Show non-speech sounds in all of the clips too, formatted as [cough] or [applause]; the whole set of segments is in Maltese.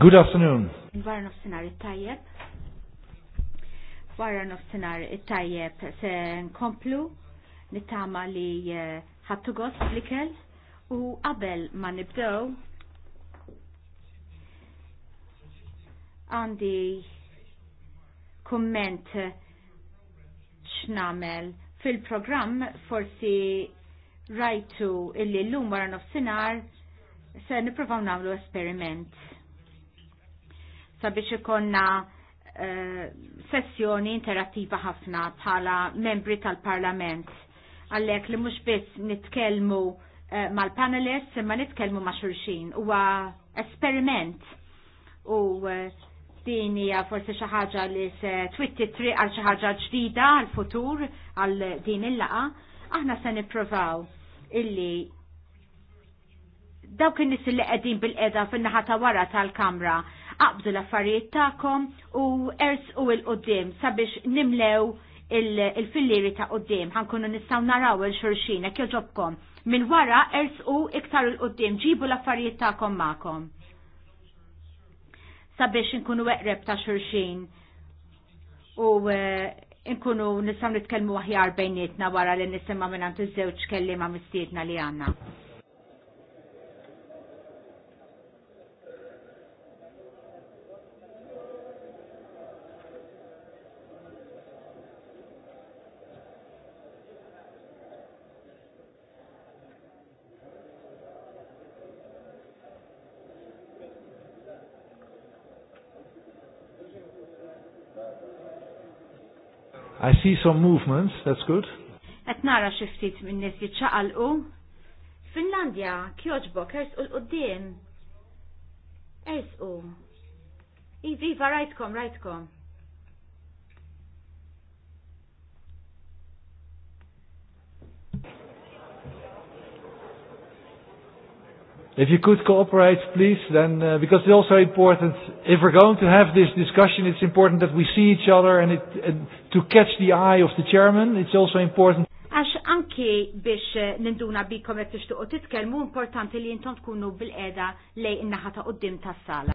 Good afternoon. Wara nofsinhar it-tajjeb. Wara nofsinhar it-tajjeb se nkomplu nittama li eh, ħattu gost flikel u qabel ma nibdew għandi komment x'namel fil-programm forsi rajtu illi l-lum wara nofsinhar se niprofaw nagħmlu esperiment sabiex ikonna eh, sessjoni interattiva ħafna bħala membri tal-Parlament. Għallek li mhux biss nitkellmu eh, mal-panelists imma nitkellmu ma' xulxin. Huwa esperiment u eh, din hija forsi xi ħaġa li se twitti triq għal xi ħaġa ġdida għal futur għal din il-laqa, aħna se nippruvaw illi dawk in-nies li qegħdin bil-qeda fin-naħa ta' wara tal-kamra aqbdu l-affarijiet tagħkom u ers u l-qoddim sabiex nimlew il-filliri ta' qoddim ħankunu nistgħu naraw il-xurxin hekk joġobkom. Minn wara ers u iktar il-qoddim ġibu l-affarijiet tagħkom ma'kom Sabiex inkunu eqreb ta' xurxin u eh, nkunu nistgħu nitkellmu aħjar bejnietna wara li nisimma minn iż-żewġ kellima mistiedna li għandna. see some movements, that's good. Et nara xiftit minn nis jitxaqalqu. Finlandja, kjoġbok, ers u l-qoddim. Ers u. Ivi, rajtkom, rajtkom. If you could cooperate, please, then, uh, because it's also important, if we're going to have this discussion, it's important that we see each other and, it, and to catch the eye of the chairman, it's also important. Għax anki biex uh, ninduna bikom jek tixtuqu titkellmu importanti li jintom tkunu bil eda lej innaħata qoddim tas-sala.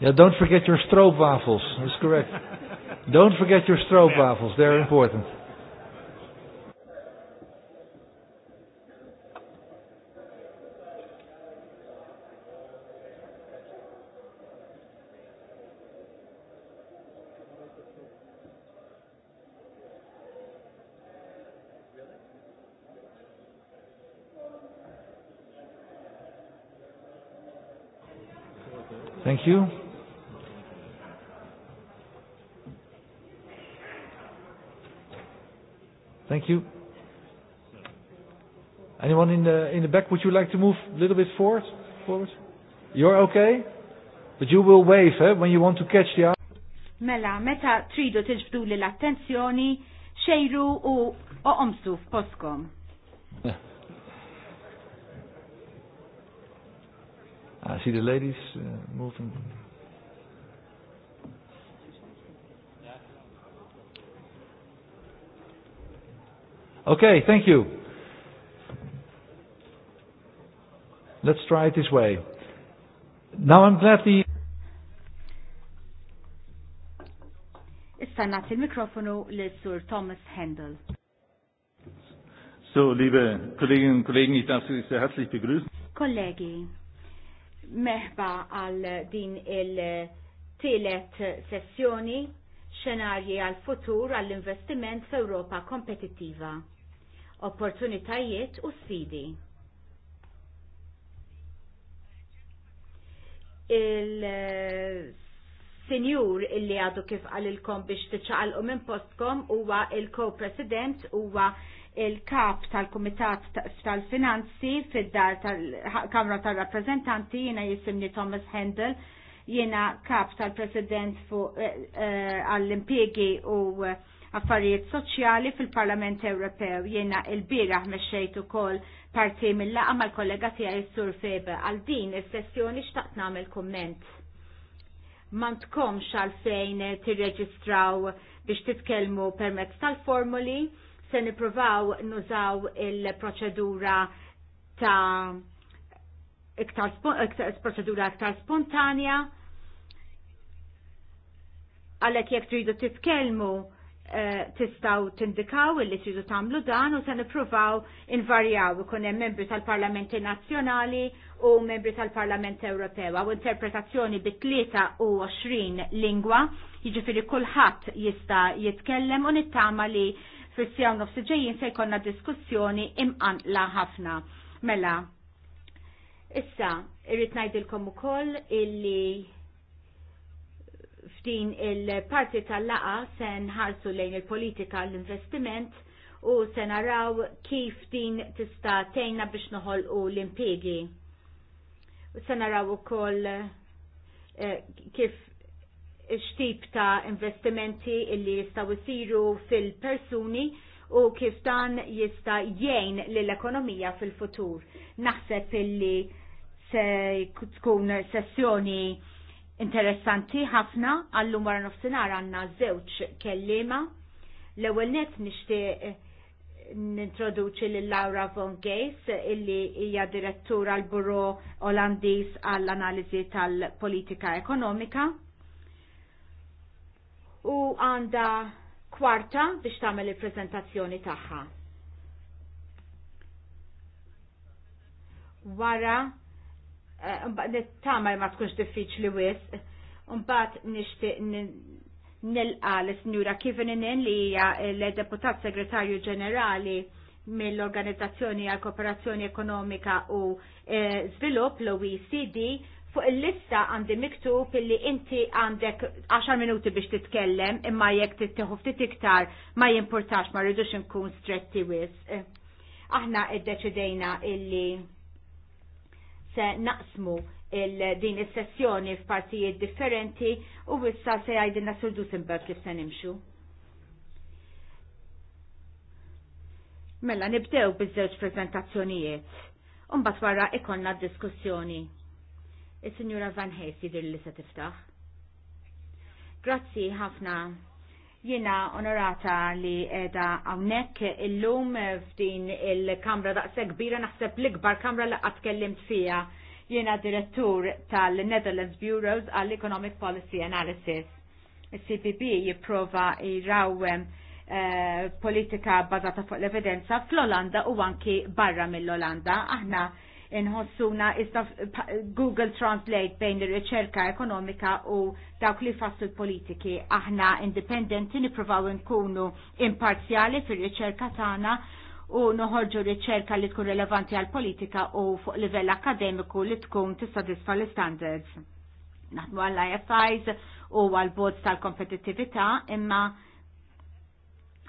Yeah, don't forget your strobe waffles. That's correct. don't forget your waffles, They're yeah. important. Thank you. would you like to move a little bit forward? forward? You're okay? But you will wave eh, when you want to catch the eye. Mela, meta tridu tiġbdu li l-attenzjoni, xejru u oqomsu f'poskom. I [laughs] ah, see the ladies uh, moving. Okay, thank you. Let's try it this way. Now I'm glad the... Issa nagħti il-mikrofonu lil Sur Thomas Handel. So, liebe Kolleginnen und Kollegen, ich darf Sie sehr herzlich begrüßen. Kollegi, meħba għal din il-tielet sessjoni xenarji għal futur għall investiment f'Ewropa kompetittiva, opportunitajiet u sfidi. il-senjur illi għadu kif għalilkom biex tiċaqalqu minn postkom huwa il-co-president huwa il-kap tal-Kumitat tal-Finanzi fid-dar tal-Kamra tal-Rappresentanti jiena jisimni Thomas Handel jiena kap tal-President eh, eh, għall-impiegi u affarijiet soċjali fil-Parlament Ewropew jiena il-biraħ mexxejt ukoll parti mill-laqa mal-kollega tiegħi sur Febe għal din is-sessjoni xtaqt nagħmel kumment. Ma tkomx għalfejn tirreġistraw biex titkellmu permezz tal-formuli, se nippruvaw nużaw il-proċedura ta' iktar, proċedura iktar spontanja, għalhekk jekk tridu titkellmu Eh, tistaw tindikaw illi tridu tamlu dan u se nippruvaw invarjaw ikun hemm membri tal-Parlamenti Nazzjonali u membri tal-Parlament Ewropew u interpretazzjoni bi 23 lingwa, jiġifieri kulħadd jista' jitkellem u nittama li fissjaw sew ġejjin se jkollna diskussjoni imqanqla ħafna. Mela, issa irrid ngħidilkom ukoll illi f'din il-parti tal-laqa se nħarsu lejn il-politika l-investiment u se naraw kif din tista' tejna biex u l impiegi se naraw ukoll eh, kif xtip ta' investimenti illi jistaw jisiru fil-persuni u kif dan jista' jgħin lill-ekonomija fil-futur. Naħseb illi se tkun sessjoni interessanti ħafna għallum wara nofsinhar għandna żewġ kellima. L-ewwel net nixtieq eh, nintroduċi lil Laura Von Geis illi hija direttura l buro Olandiż għall-analiżi tal-politika ekonomika. U għanda kwarta biex tagħmel il-preżentazzjoni tagħha. Wara Eh, Tamal ma tkunx diffiċli wis, mbagħad nixtieq nilqa l-Sinjura Kiveninen li hija eh, l-Deputat Segretarju Ġenerali mill-Organizzazzjoni għal Kooperazzjoni Ekonomika u eh, Zvilupp l-OECD fuq il-lista għandi miktub illi inti għandek 10 minuti biex titkellem imma jekk titteħu ftit iktar ma jimportax ma rridux nkun stretti wis. Aħna iddeċidejna illi se naqsmu din is-sessjoni f'partijiet differenti u issa se jgħidilna Surdu simbel kif se nimxu. Mela nibdew biż-żewġ prezentazzjonijiet. Umbat wara ikonna diskussjoni. Is-Sinjura Van Hayes jidir li se tiftaħ. Grazzi ħafna Jena onorata li edha għawnek illum f'din il-kamra daqse kbira naħseb l-ikbar kamra li kellimt fija. Jena direttur tal-Netherlands Bureaus għall-Economic Policy Analysis. Il-CPB jiprofa jirawem eh, politika bazata fuq l-evidenza fl-Olanda u anki barra mill-Olanda. Aħna inħossuna iżda Google Translate bejn ir-riċerka ekonomika u dawk li fassu l-politiki. Aħna indipendenti nippruvaw nkunu imparzjali fir-riċerka tagħna u noħorġu riċerka li tkun relevanti għal politika u fuq livell akademiku li tkun tissodisfa l-standards. Naħdmu għall IFIs u għal bod tal-kompetittività imma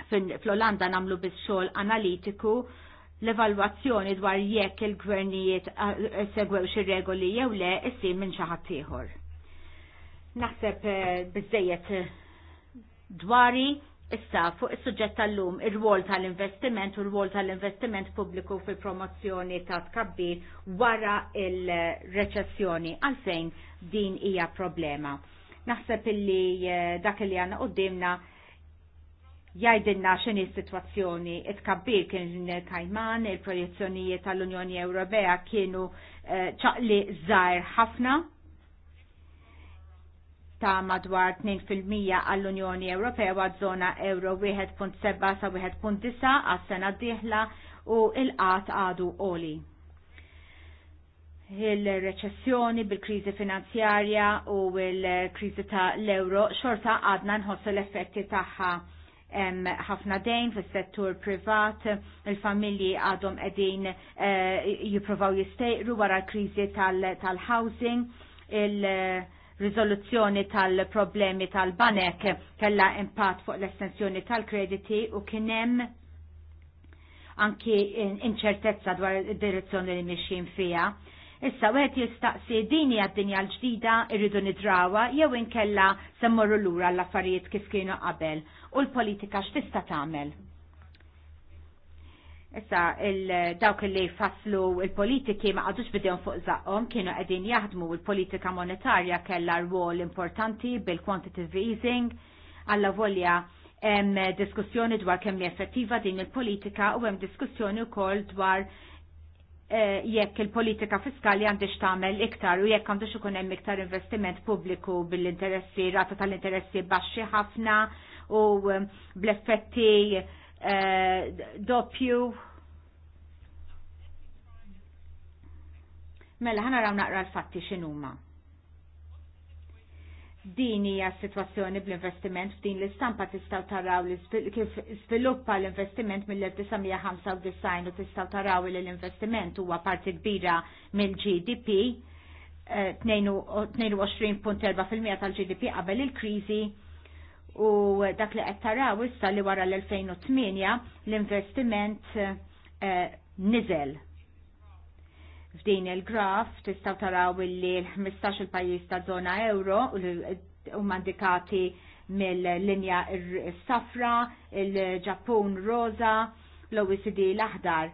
fl-Olanda namlu biz xogħol analitiku l-evalwazzjoni dwar jekk il-gvernijiet eh, segwew xi regoli jew le issir minn xi ħadd ieħor. Naħseb eh, biżejjed eh, dwari issa fuq is-suġġett tal-lum ir-rwol tal-investiment u r-rwol tal-investiment pubbliku fil-promozzjoni ta' tkabbir wara il-reċessjoni għalfejn din hija problema. Naħseb illi dak li għandna qudiemna jajdinna il situazzjoni it-kabbir kien kajman, il-projezzjonijiet tal-Unjoni Ewropea kienu eh, ċaqli uh, zaħir ħafna ta' madwar 2% għall-Unjoni Ewropea għad zona euro 1.7 sa 1.9 għas-sena diħla u il-qat għadu oli il-reċessjoni bil-krizi finanzjarja u il-krizi ta' l-euro xorta għadna nħossu l-effetti tagħha ħafna dejn fis settur privat, il-familji għadhom qegħdin eh, jippruvaw jistejqru wara l-kriżi tal-housing, il-riżoluzzjoni tal-problemi tal-banek kellha impatt fuq l-estensjoni tal-krediti u kien hemm anki inċertezza dwar id-direzzjoni li mixjin fija Issa wieħed jistaqsi dini għad-dinja l-ġdida irridu nidrawa jew inkella semmorru lura l-affarijiet kif kienu qabel u l-politika x'tista' tagħmel. Issa dawk li faslu il-politiki ma qadux bidejhom fuq zaqhom kienu qegħdin jaħdmu l-politika monetarja kellha rwol importanti bil-quantitative easing għalla volja hemm diskussjoni dwar kemm effettiva din il-politika u hemm diskussjoni wkoll dwar Eh, jekk il-politika fiskali għandix tagħmel iktar u jekk għandux ikun hemm iktar investiment pubbliku bil-interessi, rata tal-interessi baxxi ħafna u eh, bl-effetti eh, doppju. Mela ħana raw naqra l-fatti x'inhuma din hija s-sitwazzjoni bl-investiment f'din l-istampa tistgħu taraw kif sviluppa l-investiment mill-1995 u tistgħu taraw li l-investiment huwa parti kbira mill-GDP 22.4% tal-GDP qabel il-kriżi u dak li qed taraw issa li wara l-2008 l-investiment eh, nizel F'din il-graf tistaw taraw li l-15 il-pajjiż ta' zona euro u mandikati mill-linja safra, il-Ġappun roza, l-OECD l-aħdar.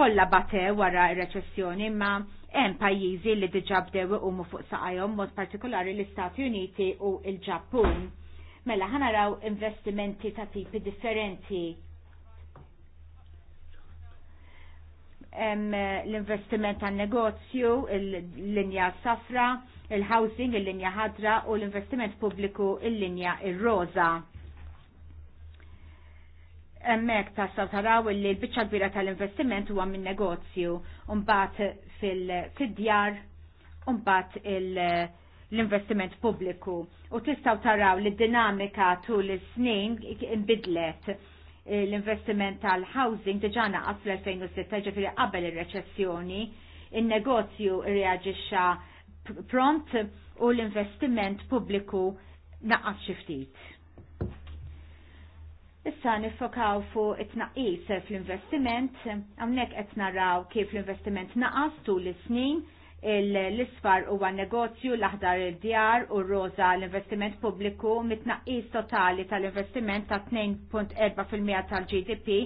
Kolla bate wara r-reċessjoni imma hemm pajjiżi li diġà bdew iqumu fuq saqajhom mod partikolari l-Istati Uniti u l-Ġappun. Mela ħanaraw investimenti ta' tipi differenti l-investiment tan negozju il-linja safra, il-housing, il-linja ħadra u l-investiment pubbliku il-linja ir-roza. Emmek ta' taraw li l-bicċa kbira tal-investiment huwa minn negozju, unbat fil-djar, unbat il- l-investiment pubbliku u tistaw taraw li dinamika tul is-snin inbidlet Eh, l-investiment tal-housing diġana għas fl-2006 ġifiri qabel il-reċessjoni, il-negozju reagġixa pront u l-investiment publiku naqqas xiftit. Issa nifokaw fuq it-naqis fl-investiment, għamnek qed naraw kif l-investiment naqqas tul is-snin, l-isfar huwa negozju, l-aħdar il-djar u r-roza l-investiment pubbliku mitnaqis totali tal-investiment ta' 2.4% tal-GDP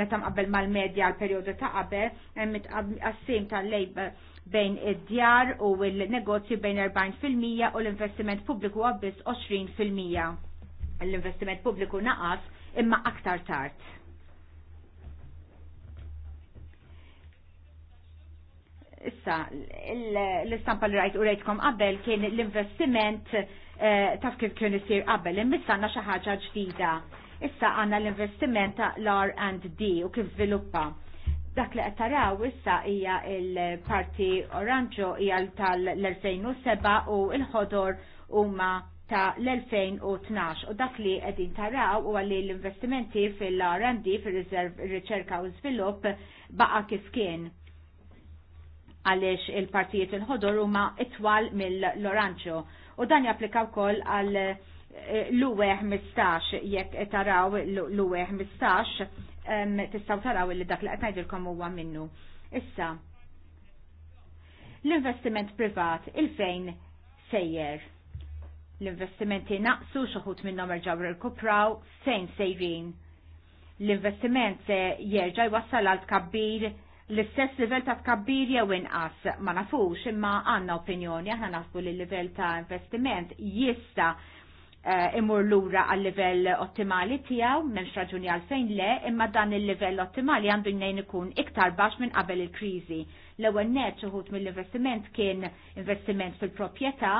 meta mqabbel mal-medja l perjodu ta' qabel hemm qassim tal-lejba bejn id-djar u l-negozju bejn 40% u l-investiment pubbliku għabbis 20%. L-investiment pubbliku naqas imma aktar tard. Issa, l-istampa li rajt u rajtkom qabel kien l-investiment eh, taf kif kien jisir qabel, immissanna xi ħaġa ġdida. Issa għandna l-investiment ta' l-R&D u kif viluppa. Dak li qed taraw issa hija l-parti oranġo hija tal-2007 u l-ħodor huma ta' l-2012 u dak li qegħdin taraw huwa li l-investimenti fil-R&D fir-riċerka u żvilupp baqa' kif kien għaliex il-partijiet il-ħodor huma itwal mill lorancio U dan japplika wkoll għal eh, l-uwe 15 jekk taraw l-uwe 15 tistaw taraw li dak li qed ngħidilkom huwa minnu. Issa, l-investiment privat il-fejn sejjer. L-investimenti naqsu xoħut nomer ġawr il-kupraw fejn sejrin. L-investiment se jerġa' jwassal għal tkabbir l-istess livell ta' tkabbir jew inqas ma nafux imma għandna opinjoni aħna nafu li l-livell ta' investiment jista' eh, imur lura għal livell ottimali tiegħu m'hemmx raġuni għalfejn le imma dan il-livell ottimali għandu jnejn ikun iktar baxx minn qabel il-kriżi. L-ewwel nett uħud mill-investiment kien investiment fil-proprjetà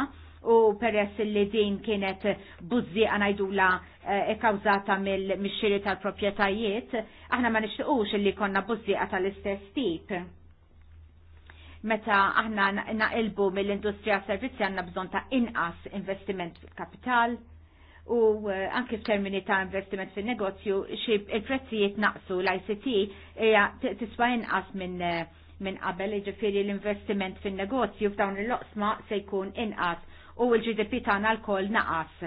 u peress li din kienet buzzi la e eh, kawzata mill-mixxiri tal-propietajiet, aħna ma nixtiqux li konna buzzi tal-istess tip. Meta aħna naqilbu mill-industrija servizzi għanna bżon ta' inqas investiment fil-kapital u eh, anki f'termini ta' investiment fil-negozju, xib il-prezzijiet naqsu l-ICT tiswa inqas minn eh, qabel ġifiri l-investiment fin negozju f'dawn il-loqsma se jkun inqas u l-GDP tagħna l-koll naqas.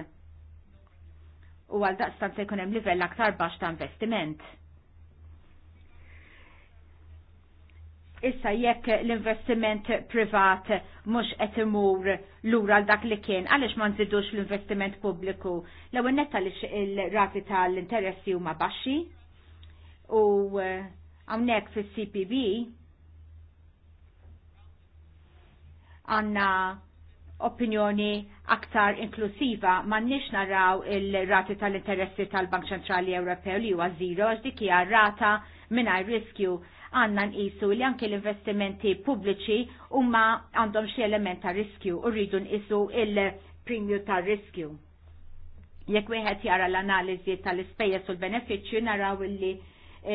U għal daqstant se jkun hemm livell aktar baxx ta' investiment. issa jekk l-investiment privat mhux qed imur lura l dak li kien, għaliex ma nżidux l-investiment pubbliku. L-ewwel netta li il-rati tal-interessi huma baxxi u eh, hawnhekk fis-CPB għandna opinjoni aktar inklusiva ma nix naraw il-rati tal-interessi tal-Bank Ċentrali Ewropew li huwa zero għax dik hija rata mingħajr riskju għandna nqisu li anke l-investimenti pubbliċi huma għandhom xi element ta' riskju u rridu nqisu il-premju ta' riskju. Jekk wieħed jara l-analiżi tal-ispejjeż u l-benefiċċju naraw li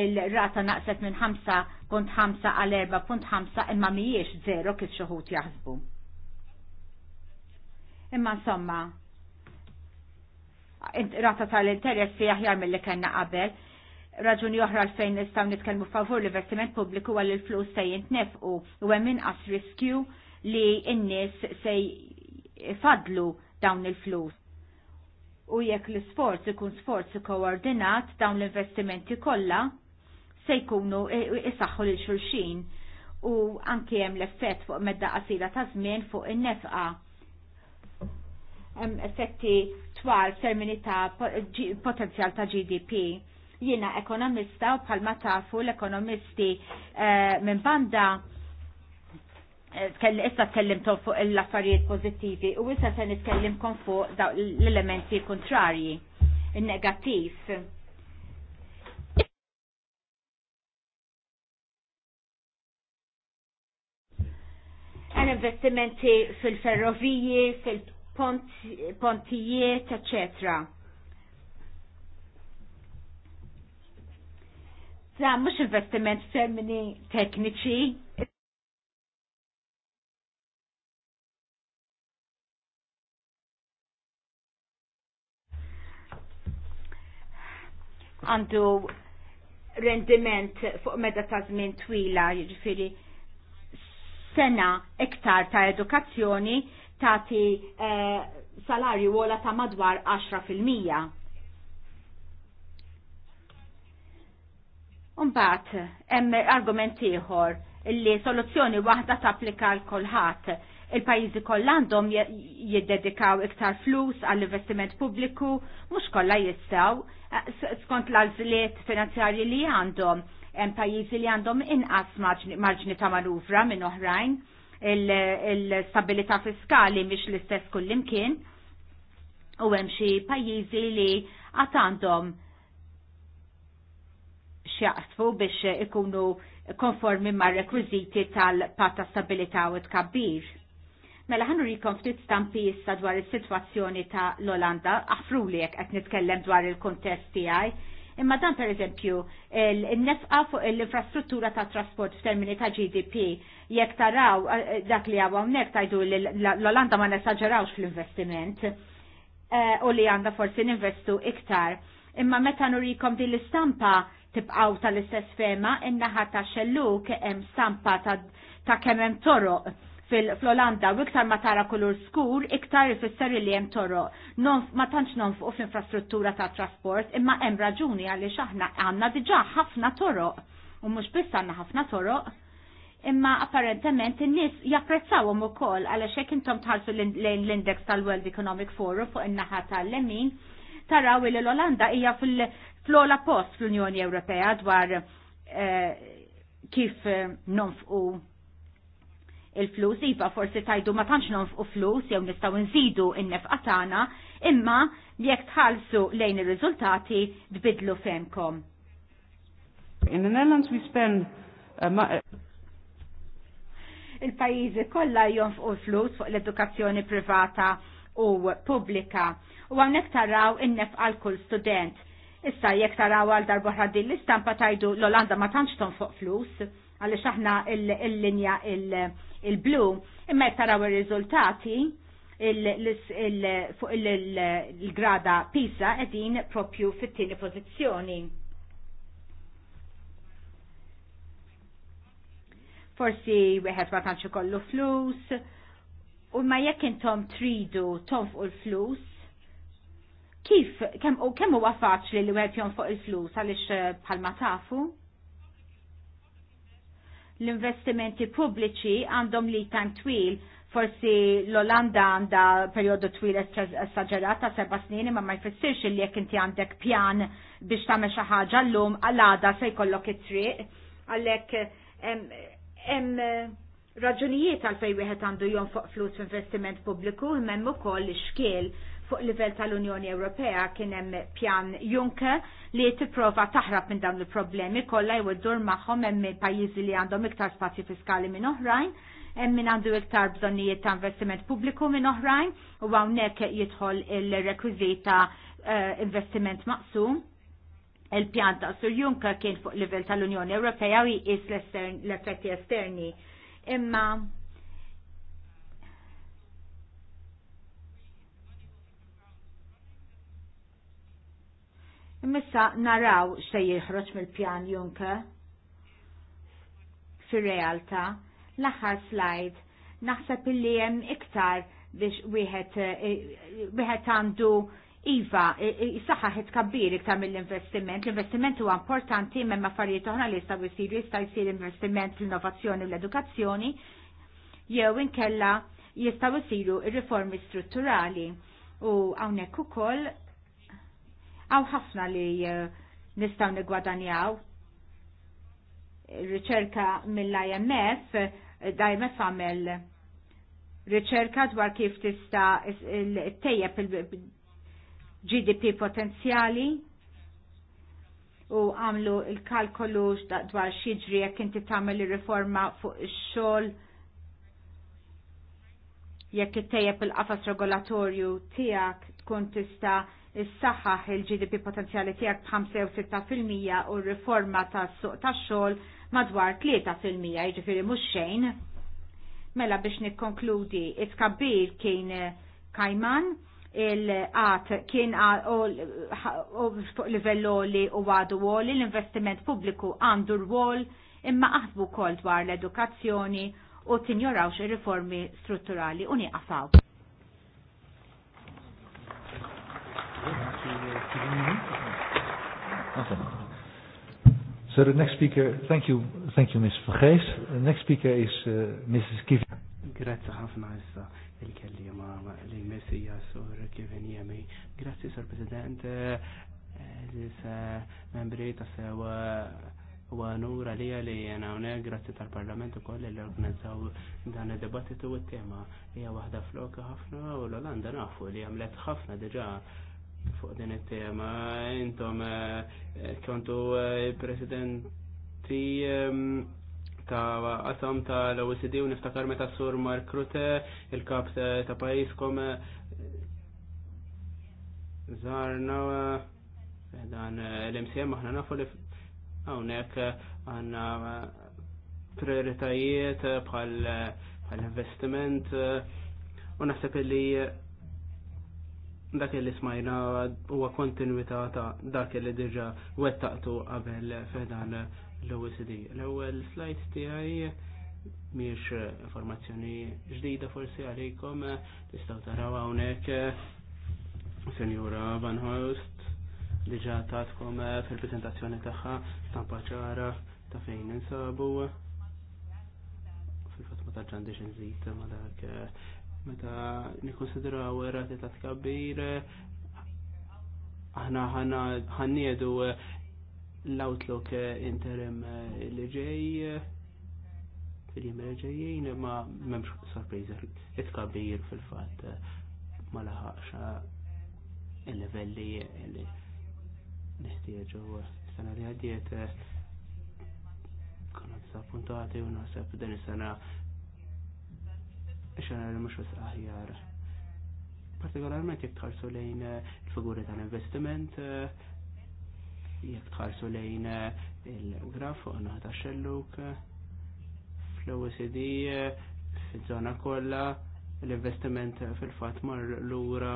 il-rata naqset minn 5.5 għal 4.5 imma mhijiex zero kif xi ħud jaħsbu. Imma insomma, rata tal-interessi aħjar mill-li kena qabel. Raġuni oħra fejn nistaw nitkellmu favur l-investiment pubbliku għal il-flus se jintnefqu, u hemm inqas riskju li n-nies se jfadlu dawn il-flus. U jekk l-sforz ikun sforz koordinat dawn l-investimenti kollha se jkunu isaħħu lil xulxin u anke hemm l-effett fuq medda qasira ta' żmien fuq in-nefqa effetti twal f'termini ta' potenzjal ta' GDP. Jiena ekonomista u bħalma tafu l-ekonomisti eh, minn banda eh, issa tkellimtom fuq l-affarijiet pozittivi u issa se nitkellimkom fuq l-elementi kontrarji, il-negativ. għan investimenti fil-ferroviji, fil pontijiet, eccetera. Da, mux investiment femmini tekniċi. Għandu rendiment fuq meda ta' żmien twila, jiġifieri sena iktar ta' edukazzjoni tagħti eh, salarju wola ta' madwar 10%. Umbat, hemm argument ieħor li soluzzjoni waħda tapplika l kulħadd. Il-pajjiżi kollha għandhom jiddedikaw iktar flus għall-investiment pubbliku, mhux kollha jistgħu eh, skont l-għażliet finanzjarji li għandhom. Hemm pajjiżi li għandhom inqas marġni ta' manuvra minn oħrajn il-stabilità fiskali mhix l-istess kullimkien u hemm xi pajjiżi li għad għandhom xjaqtfu biex ikunu konformi ma' rekwiziti tal pata stabilita u tkabbir. Mela ħannu rikon ftit stampi issa dwar is-sitwazzjoni ta' l-Olanda, għafru li jekk qed nitkellem dwar il-kontest tiegħi, Imma dan per eżempju il-nefqa fuq l-infrastruttura ta' trasport f'termini ta' GDP jekk taraw eh, eh, dak li għaw hawnhekk tajdu l-Olanda ma nesagġarawx fl-investiment eh, u li għandha forsi ninvestu iktar. Imma meta nurikom din l-istampa tibqaw tal-istess fema in ta' xelluk hemm stampa ta' kemm hemm toroq fil-Olanda u iktar ma tara kulur skur, iktar ifisser li hemm toro. Ma tantx nonfuq fl-infrastruttura ta' trasport, imma hemm raġuni għaliex aħna għandna diġà ħafna toroq. U mhux biss għandna ħafna toroq, imma apparentement in-nies japprezzawhom ukoll għaliex hekk intom tħarsu l-index tal-World Economic Forum fuq in-naħa tal-lemin, taraw li l-Olanda hija fl flola post fl-Unjoni Ewropea dwar eh, kif eh, nonfqu il-flus, iva forsi tajdu ma tantx nonfqu flus jew nistgħu nżidu n-nefqa tagħna, imma jekk tħallsu lejn ir-riżultati tbidlu fenkom. In the Netherlands we spend uh, Il-pajjiżi kollha jonfqu flus fuq l-edukazzjoni privata u pubblika u hawnhekk taraw in-nefqa kull student. Issa jekk taraw għal darba din l-istampa tajdu l-Olanda ma tantx tonfoq flus għaliex aħna il-linja il-blu, imma taraw ir-riżultati fuq il-grada Pisa qegħdin propju fit-tieni pożizzjoni. Forsi wieħed ma tantx ikollu flus, u ma jekk intom tridu tonfqu l-flus, kif kem huwa faċli li wieħed fuq il-flus għaliex bħalma tafu? l-investimenti pubbliċi għandhom li time twil forsi l-Olanda għanda periodu twil esagerat seba snin imma ma jfissirx li jekk inti għandek pjan biex tagħmel xi ħaġa llum għal-għada se jkollok it-triq għalhekk hemm raġunijiet għal wieħed għandu fuq flus f'investiment pubbliku jmemmu koll ukoll xkiel fuq livell tal-Unjoni Ewropea kien hemm pjan Juncker li tipprova taħrab minn dawn il-problemi kollha jweddur magħhom hemm pajjiżi li għandhom iktar spazju fiskali minn oħrajn, hemm min għandu iktar bżonnijiet ta' investiment pubbliku minn oħrajn u hawnhekk jidħol il rekwiżita eh, investiment maqsum. Il-pjan ta' Sur Juncker kien fuq livell tal-Unjoni Ewropea u jqis l-effetti esterni. Imma Imissa naraw x'se jieħroġ mill-pjan Junke. fir-realtà l-aħħar slide naħseb illi hemm iktar biex wieħed eh, eh, għandu Iva, eh, jisaxa ħed kabbir iktar mill-investiment. L-investiment huwa importanti ma affarijiet oħra li jistgħu jsiru jista' jsir investiment fl-innovazzjoni u l-edukazzjoni jew inkella jistgħu jsiru riformi strutturali. U hawnhekk ukoll Għaw ħafna li eh, nistaw nigwadanjaw. Riċerka mill-IMF, eh, dajma famel għamel riċerka dwar kif tista tejjeb il-GDP potenzjali u għamlu il-kalkolu dwar xieġri jekk inti tagħmel ir-riforma fuq ix-xogħol jekk ittejjeb il-qafas regolatorju tiegħek tkun tista' is-saħħaħ il-GDP potenzjali tiegħek b'5-6% u r-riforma tas-suq tax-xogħol madwar 3% jiġifieri mhux xejn. Mela biex nikkonkludi, it-kabbir kien kajman, il-qat kien fuq livell li u għadu għoli, l-investiment pubbliku għandu rwol imma aħsbu kol dwar l-edukazzjoni u tinjorawx ir-riformi strutturali u nieqafaw. So the next speaker, thank you, thank you, Ms. Vergees. The next speaker is uh, Mrs. Kivin. Grazie ħafna issa il-kellima li messija sur Kivin Jemi. Grazie, Sir President, eh, eh, membri ta' sewa eh, u għanura li għali jena unek grazie tal-parlament u koll li organizzaw dan il-debattitu u t-tema hija wahda flok ħafna u l-Olanda nafu li għamlet ħafna diġa fuq din it-tema. Intom eh, kontu eh, presidenti ehm, ta' qasam ta' l-OECD u niftakar meta sur Mark Rutte, il-kap ta' pajiskom eh, zarna dan l-MCM aħna nafu li hawnhekk għandna prioritajiet bħal investiment u naħseb li dak li smajna huwa kontinuità ta' dak li diġa wettaqtu qabel fedan l-OECD. L-ewwel slide tiegħi miex informazzjoni ġdida forsi għalikom tistgħu taraw hawnhekk Senjura Van Host diġa tatkom fil-prezentazzjoni tagħha stampa ċara ta' fejn insabu fil-fatma ta' ġandix nżid ma' dak meta nikkonsidraw rati ta' tkabbir aħna ħana ħanniedu eh, l-outlook eh, interim eh, li ġej fil-jiem li ġejjien, ma memx sorpriża it-tkabbir fil-fatt ma laħaxa il-livelli li niħtieġu sena li għaddiet konna disappuntati u naħseb din is-sena xena li mux aħjar. Partikolarment jek tħarsu lejn eh, il-figuri tal-investiment, eh, jek tħarsu lejn eh, il-graf għanna ta' xelluk, fl-OECD, fil-zona kolla, l-investiment fil-fat mar l-ura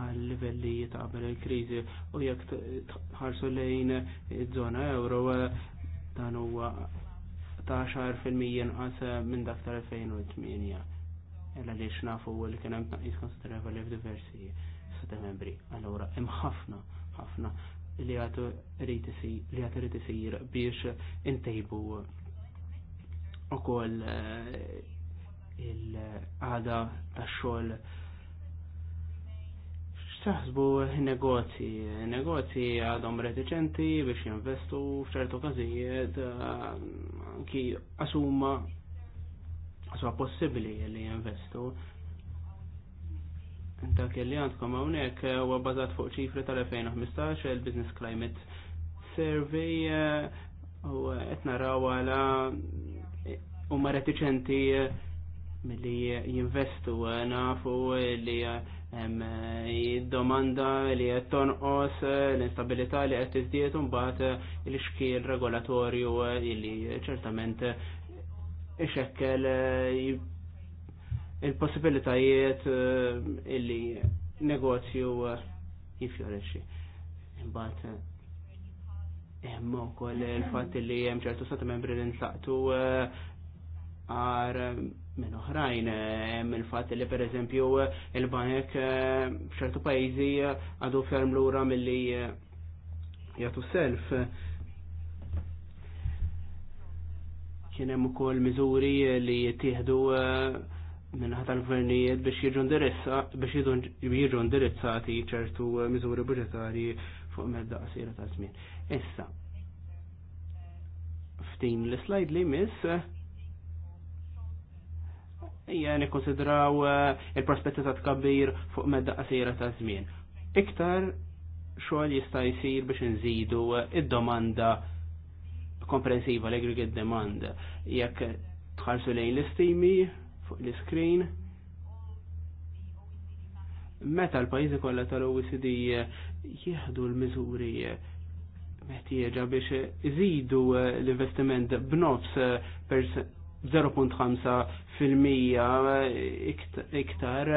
għal livelli ta' qabel il-krizi u jekk tħarsu lejn il zona euro dan huwa ta' 10% nqas minn dak tal-2008. Ella li xnafu li kien hemm tnaqqis konsiderevoli f'diversi stati membri. Allura hemm ħafna ħafna li għatu li għatu rrit isir biex intejbu ukoll eh, il-għada tax-xogħol xtaħsbu negozji, negozji għadhom reticenti biex jinvestu f'ċertu każijiet eh, anki asuma Għasma possibli li jinvestu. Dak li għandkom hawnhekk u għabazat fuq ċifri tal-2015 il-Business Climate Survey eh, u etna rawa għala eh, u marretiċenti eh, mill-li jinvestu nafu li domanda li qed tonqos l-instabilità li qed tiżdiet imbagħad l-xkiel regolatorju li ċertament ixekkel eh, il-possibilitajiet eh, illi negozju eh, jifjoreċi. Imbagħad hemm ukoll il fat li hemm ċertu stati membri li nsaqtu għar minn oħrajn hemm il-fatt li pereżempju il-banek f'ċertu pajjiżi għadu ferm lura milli jagħtu self Kien hemm ukoll miżuri li jittieħdu eh, minnaħat tal-gvernijiet biex jiġu biex jiġu indirizzati ċertu eh, miżuri budgetari fuq medda qasira ta' żmien. Issa, ftin l-slide li miss eh, hija nikkonsidraw il-prospetti ta' tkabbir fuq medda qasira ta' żmien. Iktar xogħol jista' jsir biex inżidu id-domanda komprensiva l-aggregate demand. Jekk tħarsu lejn l-istimi fuq l-screen, meta l-pajizi kollha tal-OECD jieħdu l-miżuri meħtieġa biex iżidu eh, l-investiment b'nofs eh, per 0.5 fil-mija eh, iktar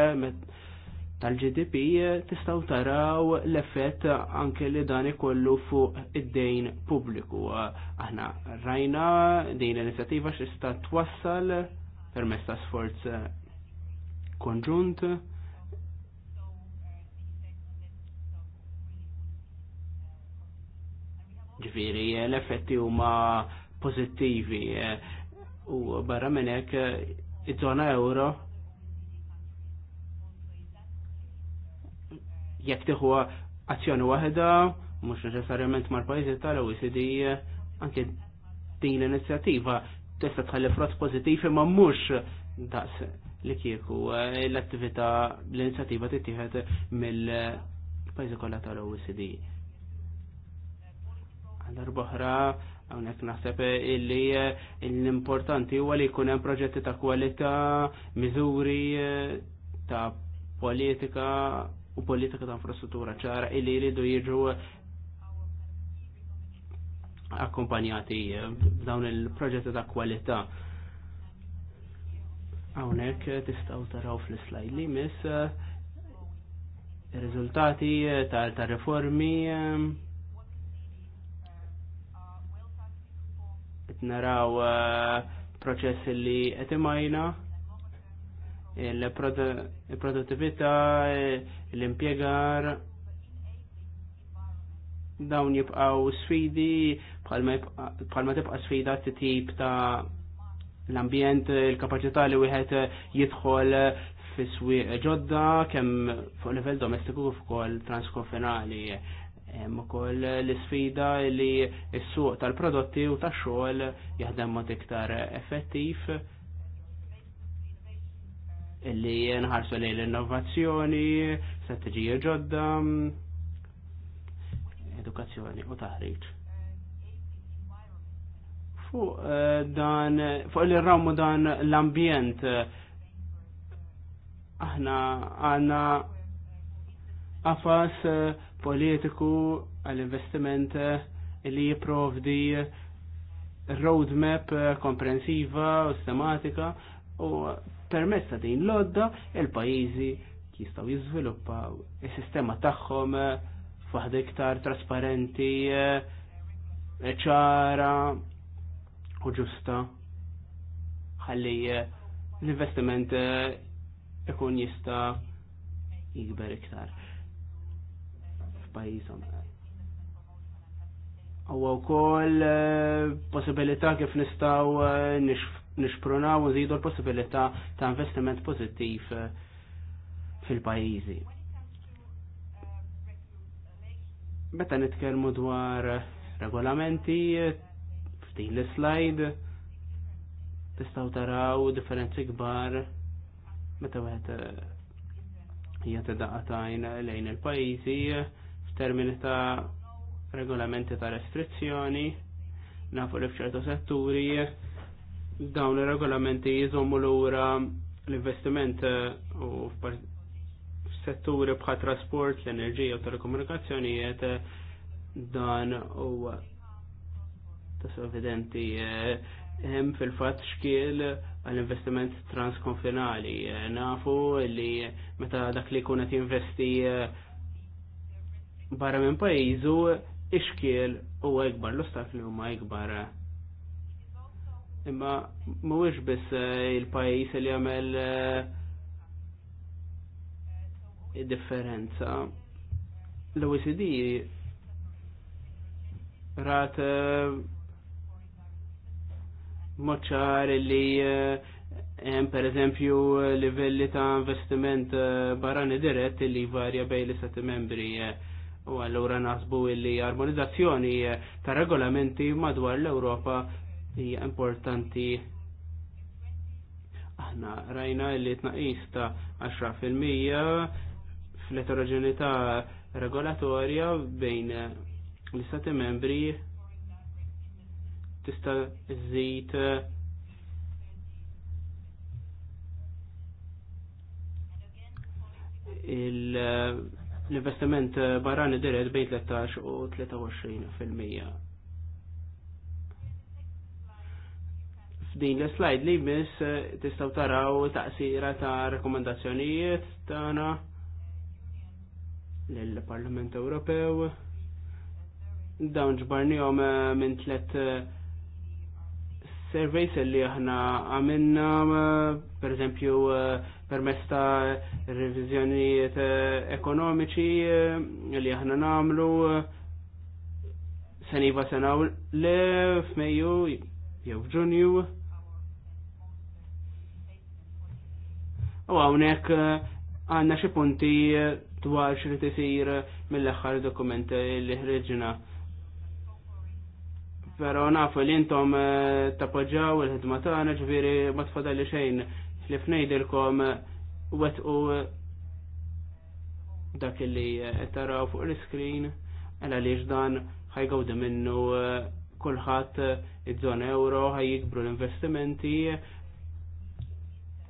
tal-GDP tistaw taraw l-effett anke li dan ikollu fuq id-dejn pubbliku. Aħna rajna din l-inizjattiva xista twassal permess ta' sforz konġunt. Ġviri, l-effetti huma pozittivi u barra minn hekk iż-żona euro jekk tieħu azzjoni waħda mhux neċessarjament mal-pajjiżi tal-OECD anke din l-inizjattiva tista' tħalli frott pożittiv imma mhux daqs li kieku eh, l-attività l-inizjattiva tittieħed mill-pajjiżi kollha tal-OECD. Għal-darboħra hawnhekk naħseb illi eh, l-importanti huwa li jkun hemm proġetti ta' kwalità, miżuri eh, ta' politika u politika ta' infrastruttura ċara illi jridu jiġu akkompanjati dawn il-proġetti ta' kwalità. Hawnhekk tistgħu taraw fl-slajd li miss ir-riżultati tal-reformi naraw eh, proċess li qed imajna il-produttività, l-impiegar, dawn jibqaw sfidi bħalma tibqa sfida t-tip ta' l-ambjent, il-kapacità li wieħed jidħol fiswi ġodda kemm fuq livell domestiku u fuq transkonfinali. Hemm ukoll l-isfida li s-suq tal-prodotti u tax-xogħol jaħdem mod iktar effettiv illi nħarsu lejn l-innovazzjoni, strategija ġodda, edukazzjoni u taħriġ. Fuq eh, dan, fuq li rrawmu dan l-ambjent, aħna għanna għafas eh, politiku għall-investiment eh, li jiprovdi roadmap komprensiva u sistematika u permezz ta' din l-odda il-pajjiżi jistgħu jiżviluppaw is-sistema tagħhom eh, f'waħda iktar trasparenti, eh, ċara u ġusta ħalli eh, l-investiment ikun jista' jikber iktar f'pajjiżhom u wkoll possibilità kif nistgħu nixf nixpronaw u nżidu l-possibilità ta' investiment pozittiv eh, fil-pajizi. Meta nitkellmu dwar regolamenti f'din l-slide tistgħu taraw differenzi kbar meta wieħed hija eh, daqatajn lejn il-pajjiżi eh, f'termini ta' regolamenti ta' restrizzjoni nafu li f'ċertu setturi dawn ir-regolamenti l lura l-investiment eh, u f-setturi bħat trasport, l-enerġija u telekomunikazzjonijiet eh, dan u tas evidenti eh, hemm fil-fatt xkiel għall-investiment transkonfinali. Nafu li meta dak li jkun qed jinvesti barra minn pajjiżu ixkiel huwa ikbar, l-ostakli huma ikbar. Imma mhuwiex biss eh, il-pajjiż li jagħmel eh, differenza. L-OECD rat eh, moċċar li hemm pereżempju livelli ta' investiment barani dirett li varja bejn l-istati membri u allura nasbu li armonizzazzjoni ta' regolamenti madwar l-Ewropa hija importanti aħna rajna li tnaqis ta' 10% fl-eterogenità regolatorja bejn l-istati membri tista' żid l-investiment barrani dirett bejn 13 u 23 fil-mija. F'din l-slide li miss eh, tistaw taraw taqsira ta' rekomendazzjonijiet tagħna lill-Parlament Ewropew. Dawn ġbarnihom eh, minn tliet eh, surveys li aħna għamilna, per eżempju, permess ta' revizjonijiet ekonomiċi li aħna namlu seniva senaw le f'Mejju jew f'Ġunju U għawnek eh, għanna xie punti eh, dwar xie tisir mill-axħar dokument li ħreġina. Pero nafu li intom eh, tapoġaw il-ħidma tagħna ġifieri ma tfadalli xejn li fnejdilkom wetqu dak li taraw fuq l-screen għal għaliex dan ħajgawda minnu kulħadd id żona euro jikbru l-investimenti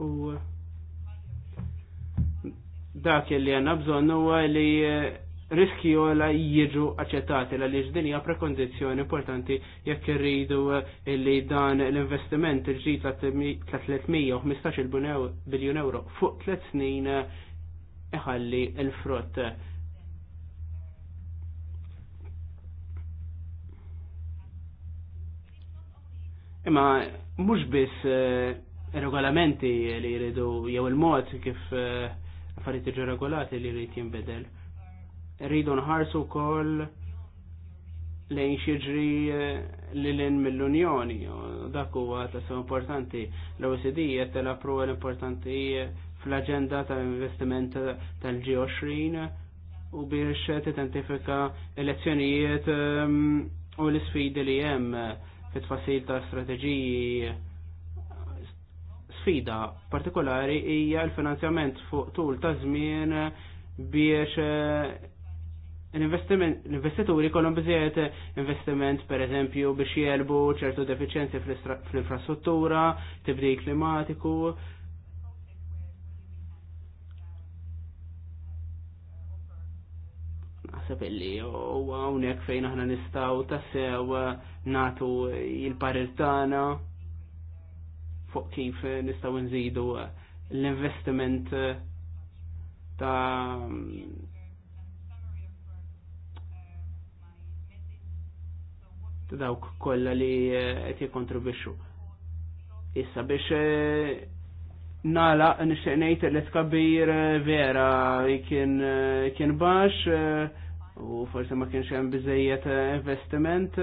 u dak li għanna bżon huwa li eh, riski għola jiġu accettati l din hija prekondizjoni importanti jekk irridu eh, li dan l-investiment ġi ta' 315 biljun euro fuq tliet snin eh, iħalli l-frott. Imma mhux biss regolamenti li jridu jew il-mod kif uh, affarijiet irregolati li rrid jinbidel. Rridu nħarsu wkoll lejn xiġri eh, li lin mill-Unjoni, dak huwa tassew importanti. l ocd e qed telapru l-importanti fl-aġenda tal-investiment tal-G20 u biex tidentifika elezzjonijiet ehm, u l-isfidi li hemm fit-tfassil ta' strateġiji sfida partikolari hija l-finanzjament fuq tul ta' żmien biex eh, l-investituri kollhom biżejjed investiment pereżempju biex jelbu ċertu defiċjenzi fl-infrastruttura, tibdil klimatiku. Naħseb illi huwa hawnhekk fejn aħna nistgħu tassew natu il-parir tagħna fuq kif eh, nistaw nżidu eh, l-investiment eh, ta' ta' dawk kolla li qed jikkontribwixxu. Issa biex nala nixtieq ngħid li tkabbir vera kien kien baxx u forsi ma kienx hemm biżejjed investiment.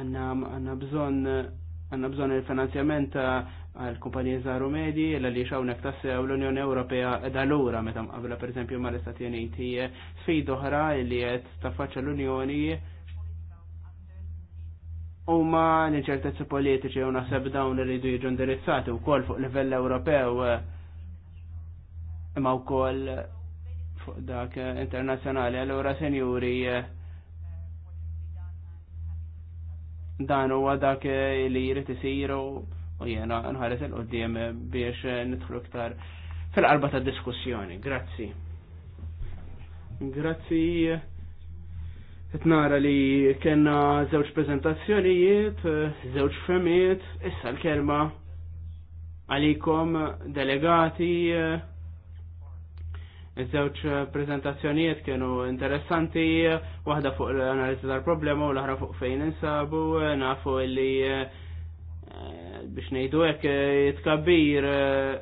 għanna bżon għanna bżon il-finanzjament għal kumpanija Zaru Medi, l-għalli xawnek tassew l-Unjoni Ewropea dal-ura meta mqabla per esempio ma l estati Uniti. Sfid oħra li qed taffaċċa l-Unjoni huma l-inċertezzi politiċi u naħseb dawn irridu jiġu indirizzati wkoll fuq livell Ewropew imma wkoll fuq dak internazzjonali. Allura senjuri dan huwa dak eh, li jrid isiru u jena nħares il-qoddim eh, biex eh, nidħlu iktar fil-qarba ta' diskussjoni. Grazzi. Grazzi. Tnara li kena zewċ prezentazzjonijiet, zewċ femiet, issa l-kelma għalikom delegati Iż-żewġ prezentazzjonijiet kienu interessanti, waħda fuq l-analiżi tal-problema u l-oħra fuq fejn insabu, nafu li eh, biex ngħidu hekk jitkabbir eh,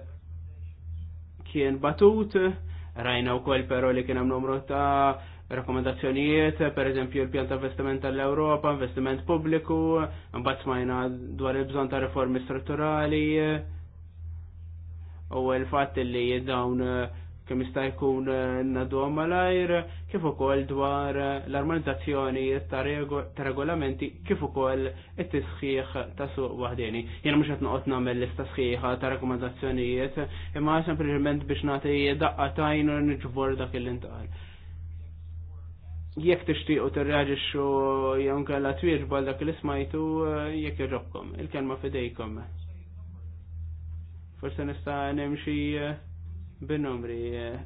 kien batut, rajna wkoll però li kien hemm numru ta' rakkomandazzjonijiet, per eżempju l-pjan ta' investiment tal-Ewropa, investiment pubbliku, mbagħad smajna dwar il-bżonn ta' riformi strutturali u l-fatt li dawn kemm jista' jkun eh, nadhom malajr, kif ukoll dwar eh, l-armonizzazzjoni ta' regolamenti kif ukoll it-tisħiħ ta' suq waħdini. Jiena mhux qed noqgħod nagħmel lista sħiħa ta' rakkomandazzjonijiet, imma sempliċement biex nagħti daqqa tajn u niġbor dak il-intqal. Jekk tixtiequ tirreaġixxu jew kellha twieġba dak li smajtu eh, jekk irrobkom, il-kelma fidejkom. Forse nista' nimxi bin-numri eh,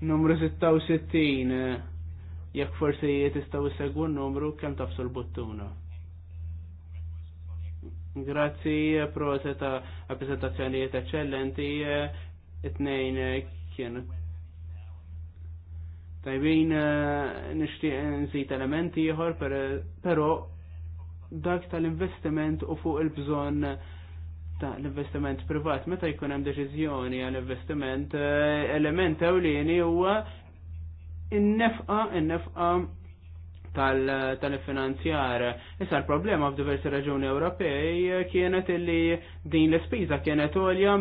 numru 66 eh, jekk forsi tistgħu segwu n-numru kemm tafsu l-buttuna. Grazzi prose ta' rappresentazzjonijiet eċċellenti eh, it-tnejn kienu tajbin nixtieq nżid elementi ieħor però dak tal-investiment u fuq il-bżonn ta' l-investiment privat, meta jkun hemm deċiżjoni għal investiment, eh, element ewlieni huwa in-nefqa, in-nefqa tal-finanzjar. Issa l-problema f'diversi raġuni Ewropej kienet illi din l-ispiża kienet għolja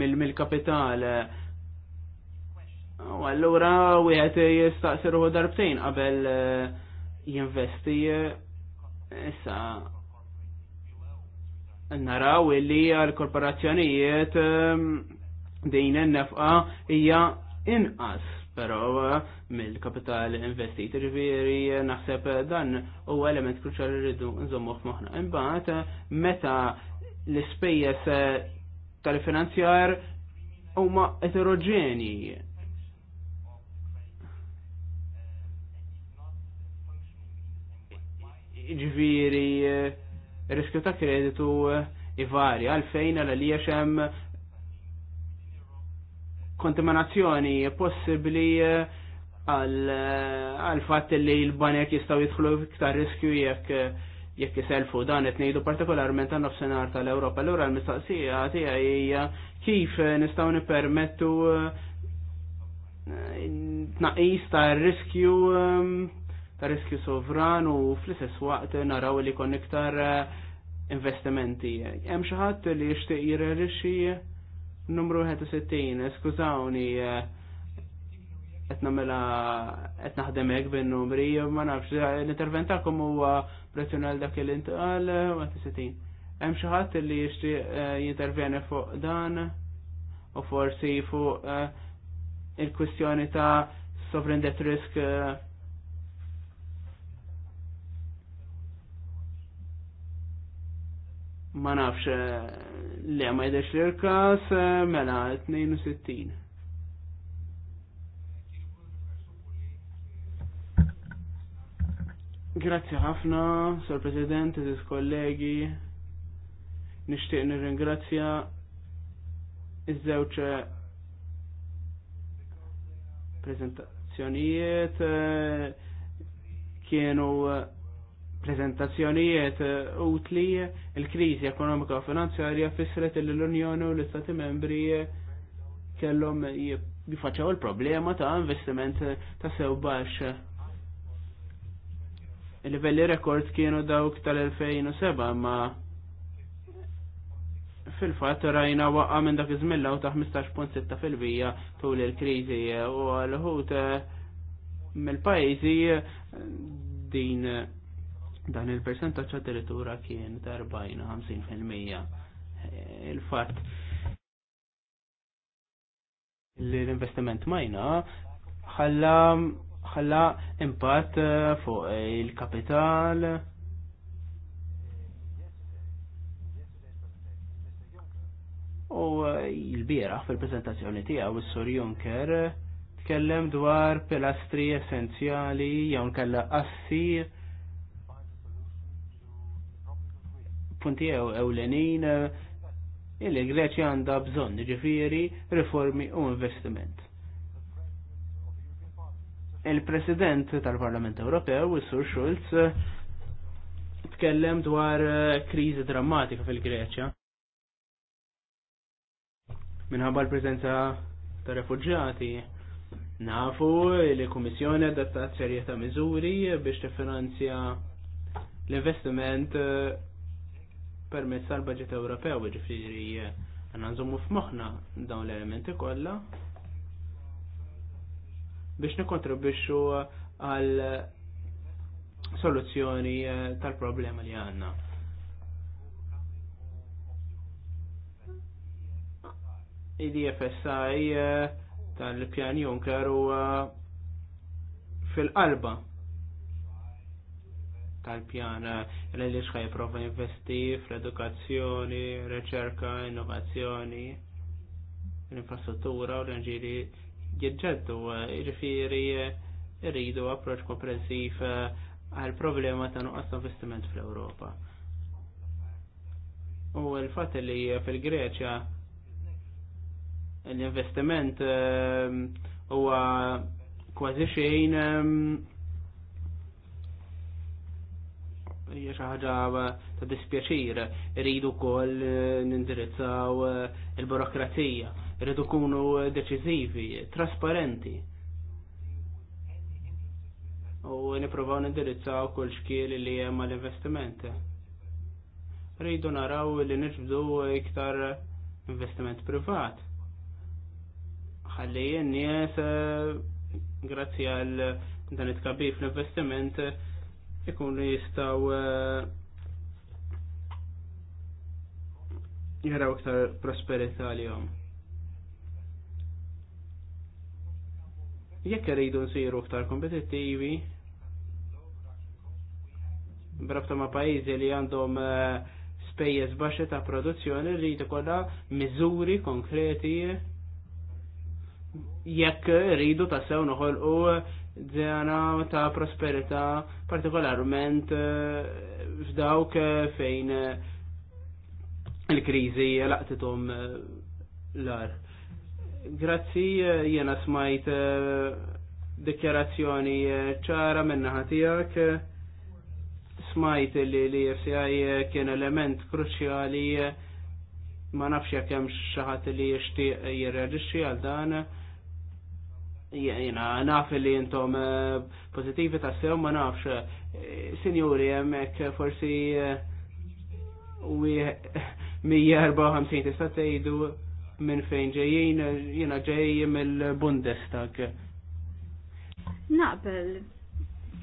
mill-kapital. U allura wieħed jistaqsiruħu darbtejn qabel eh, jinvesti eh, issa naraw illi għal-korporazzjonijiet ehm, din nefqa hija inqas però eh, mill-kapital investit ġifieri eh, naħseb dan u element kruċjali rridu nżommu f'moħħna. Imbagħad eh, meta l-ispejjeż tal-finanzjar huma eterogeni ġifieri riskju ta' kreditu eh, i-vari, għalfejn għal li jaxem kontaminazzjoni possibli eh, eh, għal fatt li l-banek jistaw jidħlu iktar riskju jekk jekk jiselfu dan qed ngħidu partikolarment għan nofsinhar tal-Ewropa. Allura l-mistoqsija tiegħi hija kif nistgħu nippermettu tnaqqis ta' riskju ta' riskju sovran u fl-istess waqt naraw li kon iktar eh, investimenti. Hemm xi ħadd li jixtieq jirrexxi numru 61, skużawni eh, qed nagħmilha qed naħdem hekk bin-numri, ma nafx l-intervent tagħkom huwa prezzjonal dak il intqal 61. Hemm xi ħadd li jixtieq eh, jintervjeni fuq dan u forsi fuq il-kwistjoni ta' sovereign debt risk ma nafx eh, le ma jidex l-irkas eh, mela 62. Grazzi ħafna, sor President, Aziz kollegi, nishtiq nirringrazzja iż-żewġ eh, prezentazzjonijiet kienu prezentazzjonijiet eh, utli eh, il-kriżi ekonomika u finanzjarja fissret l-Unjoni u l-Istati membri eh, kellhom jifacċaw il-problema ta' investiment ta' sew baċ. Il-livelli rekord kienu dawk tal-2007 ma fil-fatt rajna waqqa minn dak iżmilla u ta' 15.6 fil-bija tul il-kriżi u għal ħut mill pajzi din Dan il-percentaċ addirittura kien ta' 40-50%. Il-fatt l-investiment majna ħalla ħalla impatt eh, fuq il-kapital u eh, l-bieraħ fil-prezentazzjoni tiegħu is-Sur Juncker tkellem dwar pilastri essenzjali jew nkella assi punti ewlenin eh, il Greċja għandha bżonn ġifiri, riformi u investiment. Il-President tal-Parlament Ewropew, Sur Schulz, tkellem dwar eh, kriżi drammatika fil-Greċja. Minħabba l-preżenza ta' refugġati, nafu li l-Kummissjoni adattat serjeta miżuri biex tiffinanzja l-investiment eh, permezz tal-budget Ewropew, ġifiri eh, għanna nżommu f'moħħna dawn l-elementi kollha biex nikontribwixxu eh, għal eh, soluzzjoni tal-problema li għandna. il dfsi tal-pjan Juncker u fil-qalba tal-pjan eh, li xħaj prova investi fl-edukazzjoni, riċerka, innovazzjoni, l-infrastruttura u l-ġiri jidġeddu, eh, ġifiri eh, irridu approċ komprensiv għal problema ta' nuqqas investiment fl-Europa. U l-fat li fil-Greċja l-investiment huwa kważi xejn hija xi ħaġa eh, ta' dispjaċir. Iridu wkoll eh, nindirizzaw eh, il-burokrazija, iridu kunu deċiżivi, trasparenti. U nippruvaw nindirizzaw kull xkiel li hemm għall investiment Rridu naraw li niġbdu iktar investiment privat. Ħalli n-nies grazzi għal dan it-kabif l-investiment ikunu jistaw eh, jaraw iktar prosperita li jom. Jekk rridu nsiru iktar kompetittivi, brafta ma' pajizi li għandhom eh, spejjeż baxxa ta' produzzjoni rridu kolla miżuri konkreti jekk rridu tassew noħolqu eh, zjana ta' prosperità partikolarment eh, f'dawk eh, fejn eh, il-krizi laqtitom l-ar. Grazzi jena smajt dikjarazzjoni ċara minnaħa tijak smajt li li FCI kien element kruċjali ma nafx jekk xaħat xi ħadd li jixtieq jirreġixxi għal dan jena naf li jintom eh, pozitivi ta' sew ma nafx eh, sinjuri jemmek forsi eh, u [laughs] 154 tista' tgħidu minn fejn ġejjin jiena ġej mill-Bundestag. Naqbel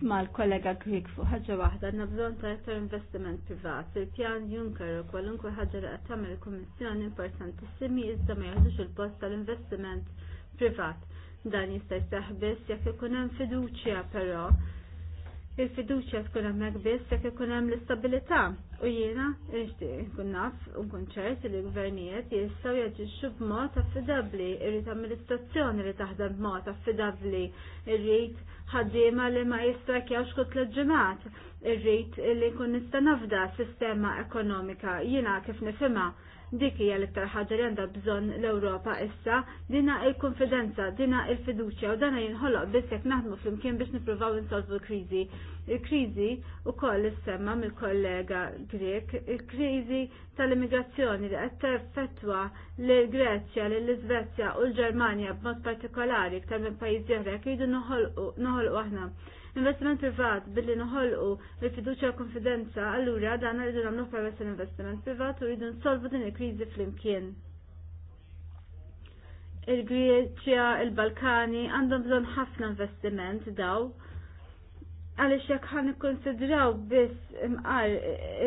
mal-kollega Grieg fuq ħaġa waħda għandna bżonn ta' iktar investiment privat. Il-pjan Juncker u kwalunkwe ħaġa li qed tagħmel il-Kummissjoni importantissimi iżda ma jaħdux il-post tal-investiment privat dan jista' jseħħ biss jekk ikun hemm fiduċja però il-fiduċja tkun hemmhekk biss jekk ikun hemm l-istabilità u jiena nixtieq nkun naf u nkun ċert li l-gvernijiet jistgħu jaġixxu b'mod affidabbli, irrid amministrazzjoni li taħdem b'mod affidabbli, irrid ħaddiema li ma jistrakjawx kut l-ġimgħat, irrid li jkun nista' nafda sistema ekonomika jiena kif nifhimha dik hija l-iktar ħaġa li għandha bżonn l-Ewropa issa, dina il-konfidenza, dina il-fiduċja u dana jinħoloq biss jekk naħdmu flimkien biex nippruvaw insolvu l-kriżi. Il-kriżi ukoll semma mill-kollega Grek, il-kriżi tal-immigrazzjoni li qed teffettwa lill Greċja, lill Iżvezja u l-Ġermanja b'mod partikolari iktar minn pajjiżi oħra jridu noħolqu aħna L-investiment privat billi noħolqu il-fiduċa konfidenza, allura dan rridu nagħmlu permezz l-investiment privat u rridu nsolvu din il-kriżi flimkien. Il-Greċja, il-Balkani għandhom bżonn ħafna investiment daw għalix jekk ħan ikkonsidraw biss imqar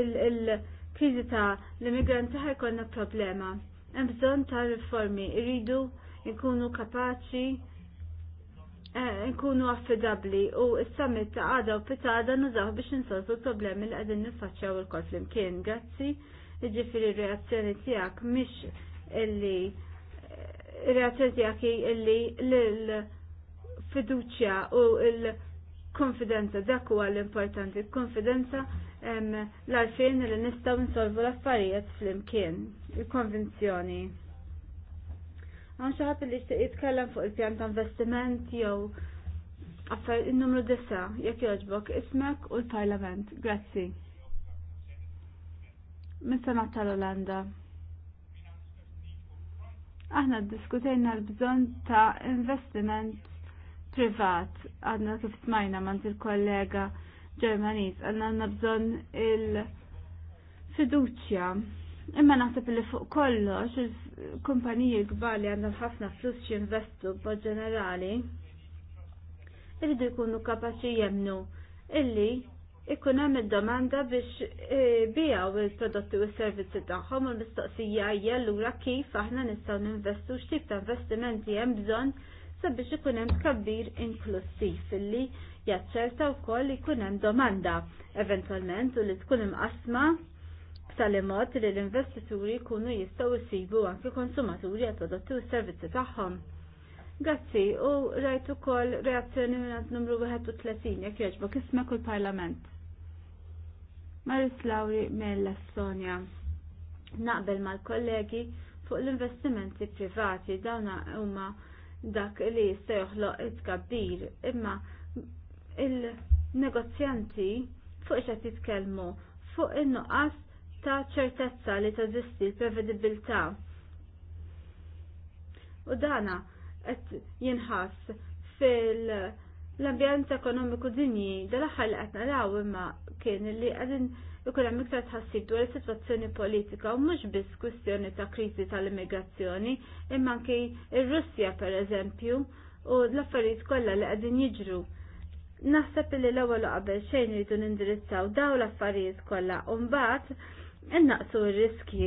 il-kriżi ta' l-immigranti ħajkonna problema. Hemm bżonn ta' riformi, irridu jkunu kapaċi Eh, nkunu affidabli u s-summit ta' għada u pitada nużaw biex insolvu problemi li għadin nifacċaw il-kol flimkien. Grazzi, ġifiri reazzjoni tijak mish illi eh, reazzjoni tijak illi l-fiduċja u l-konfidenza dak huwa l-importanti. Konfidenza l-għalfin li nistaw nsolvu l-affarijiet flimkien, il-konvenzjoni. Għan xaħat li xtiq jitkellem fuq il-pjan ta' investiment jew għaffar il-numru dissa, jekk joġbok ismek u l-parlament. Grazzi. Mis-senat tal-Olanda. Aħna diskutejna l-bżon ta' investiment privat, għadna kif smajna mant il-kollega Ġermaniz, għadna għadna bżon il-fiduċja Imma naħseb li fuq kollox il-kumpaniji kbar li għandhom ħafna flus investu b'mod ġenerali irridu jkunu kapaċi jemnu illi ikun hemm id-domanda biex e, bijaw il-prodotti u s-servizzi tagħhom u l-mistoqsija hija lura kif aħna nistgħu ninvestu x'tip ta' investimenti hemm bżonn sabiex ikun hemm tkabbir inklusiv illi jaċċerta wkoll ikun hemm domanda eventwalment u li tkun imqasma b'tali mod li l-investituri jkunu jistgħu jsibu anke konsumaturi għal prodotti u servizzi tagħhom. Grazzi, u rajt ukoll reazzjoni minn numru 31 jekk jogħġbok ismek u parlament Maris Lauri mill Sonja, Naqbel mal-kollegi fuq l-investimenti privati dawna huma dak li jista' joħloq it tkabbir imma il-negozjanti fuq qed jitkellmu fuq in-nuqqas ta' ċertezza li teżisti l-prevedibilità. U dana qed jinħass fil-ambjent ekonomiku dinji dal-aħħar li qed naraw imma kien li qegħdin ikun hemm iktar tħassib dwar is-sitwazzjoni politika u mhux biss kwistjoni ta' kriżi tal-immigrazzjoni, imma anke ir-Russja pereżempju u l-affarijiet kollha li qegħdin jiġru. Naħseb li l-ewwel qabel xejn iridu nindirizzaw daw l-affarijiet kollha u mbagħad innaqsu r-riski.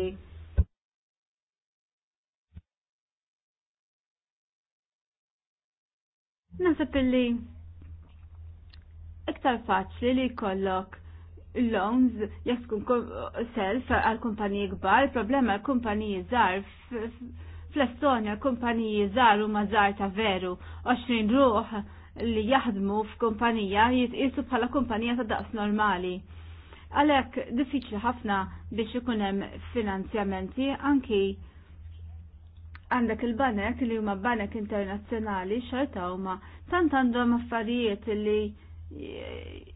Nasab illi iktar faċli li jkollok loans jekk tkun self għal kumpaniji kbar, problema għal kumpaniji żgħar fl-Estonja kumpaniji zar huma żgħar ta' veru oċrin ruħ li jaħdmu f'kumpanija jitqisu bħala kumpanija ta' daqs normali. Għalhekk diffiċli ħafna biex ikun hemm finanzjamenti anki għandek il-banek li huma banek internazzjonali xorta huma tant għandhom affarijiet li eh,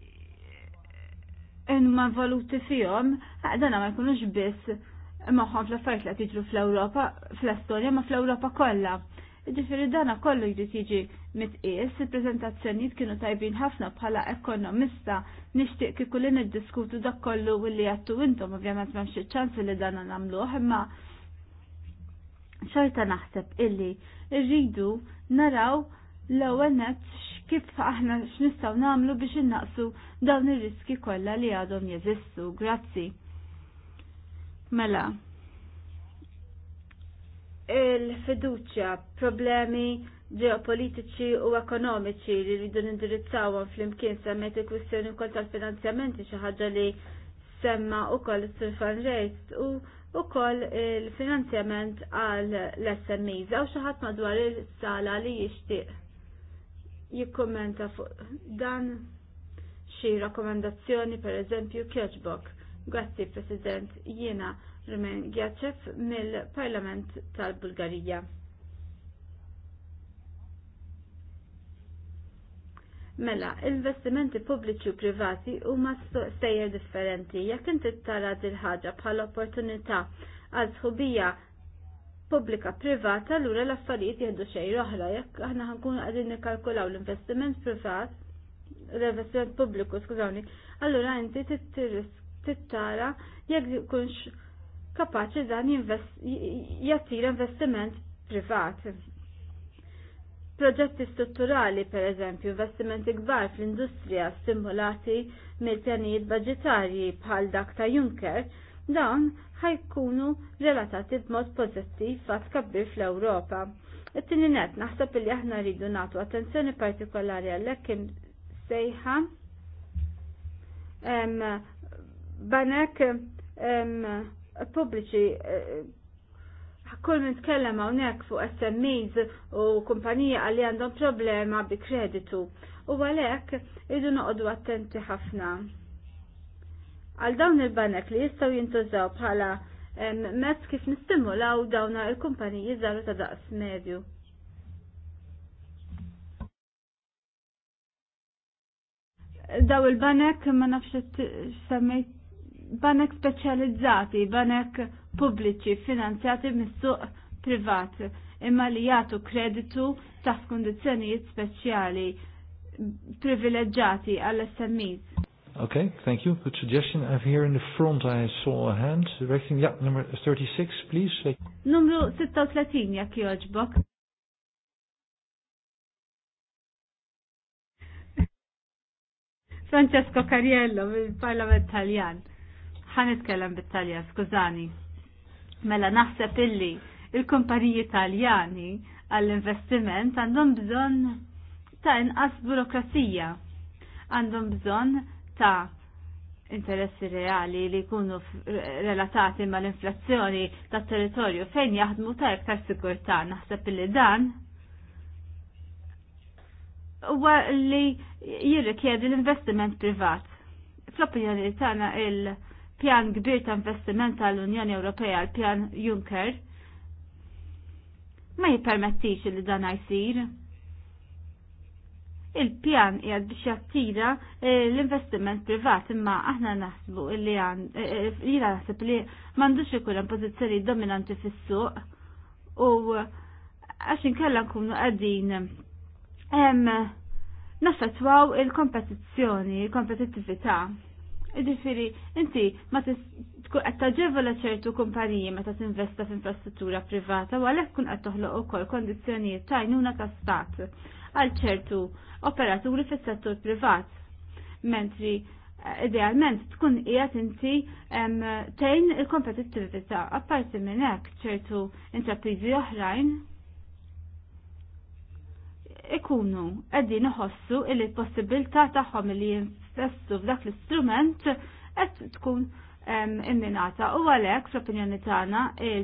huma valuti fihom, eh, dana ma jkunux biss magħhom fl-affarijiet li qed jiġru fl-Ewropa, fl-Estonja, ma fl-Ewropa kollha. Ġifiri dana kollu jrid jiġi mitqies, il prezentazzjoniet kienu tajbin ħafna bħala ekonomista nixtieq kullin id niddiskutu dak kollu li għattu intom, ovvjament m'hemmx mxie ċans li dana namlu, ma xorta naħseb illi rridu naraw l-ewwel nett kif aħna x'nistgħu nagħmlu biex innaqsu dawn ir-riski kollha li għadhom jeżistu. Grazzi. Mela, il-fiduċja, problemi ġeopolitiċi u ekonomiċi li rridu nindirizzawhom fl-imkien semmet il-kwistjoni wkoll tal-finanzjamenti xi ħaġa li semma wkoll sur fundraise u wkoll il-finanzjament għal l-SMEs għaw xi ħadd madwar il-sala li jixtieq jikkummenta fuq dan xi rakkomandazzjoni pereżempju kjoġbok. Grazzi President, jiena Rumen Gjaċef mill-Parlament tal-Bulgarija. Mela, investimenti pubbliċi u privati huma stejjer differenti. Jekk inti tara dil ħaġa bħala opportunità għal sħubija pubblika privata, lura l-affarijiet jgħidu xejn oħra. Jekk aħna ħankunu qegħdin nikkalkulaw l-investiment privat, l-investiment pubbliku, skużawni, allura inti tittara jekk kunx kapaċi dan jattir investiment privat. Proġetti strutturali, per eżempju, investimenti kbar fl-industrija stimolati mill-pjanijiet budgetarji bħal dak ta' Juncker, dawn ħajkunu relatati b'mod pożittiv fatt kabbir fl-Ewropa. It-tieni net naħseb li aħna rridu nagħtu attenzjoni partikolari għalhekk kim sejħa banek pubbliċi eh, kull minn tkellem hawnhekk fuq SMEs u kumpanija għalli għandhom problema bi kreditu u għalhekk idu noqogħdu attenti ħafna. Għal dawn il-banek li jistgħu jintużaw bħala mezz kif nistimulaw dawna il-kumpaniji żaru ta' daqs medju. Daw il-banek ma nafx semmejt banek speċjalizzati, banek pubbliċi finanzjati mis-suq privat imma li jagħtu kreditu taf kundizzjonijiet speċjali privileġġati għall smis Okay, thank you. Good suggestion. I've here in the front I saw a hand. Directing, yeah, number 36, please. Numru 36, jak joġbok. [laughs] Francesco Cariello, il-Parlament Taljan ħan nitkellem bit-Talja, skużani. Mela naħseb illi il-kumpaniji Taljani għall-investiment għandhom bżonn ta' inqas burokrazija. Għandhom bżonn ta' interessi reali li jkunu relatati ma l-inflazzjoni ta' territorju fejn jaħdmu ta' iktar sigurtà naħseb li dan huwa li jirrikjedi l-investiment privat. Fl-opinjoni tagħna il- pjan kbir ta' investiment tal-Unjoni Ewropea għal pjan Juncker ma jippermettix li dan jsir. Il-pjan jgħad biex jattira eh, l-investiment privat imma aħna naħsbu li għan, eh, eh, jgħad naħseb li mandux ikun hemm dominanti fis-suq u għax inkella nkunu qegħdin nafetwaw il-kompetizjoni, il-kompetitivita. il kompetizzjoni il kompetitivita il kompetittività Ġifiri, inti ma tkun qed taġevola ċertu kumpaniji meta tinvesta f'infrastruttura privata u għalhekk tkun qed toħloq ukoll kondizzjonijiet ta' għajnuna ta' stat għal ċertu operaturi fis-settur privat. Mentri eh, idealment tkun qiegħed inti tgħin il-kompetittività apparti minn hekk ċertu intrapriżi oħrajn ikunu qegħdin iħossu il possibilità tagħhom li t'estu f'dak l-istrument qed tkun imminata u għalhekk fl-opinjoni tagħna il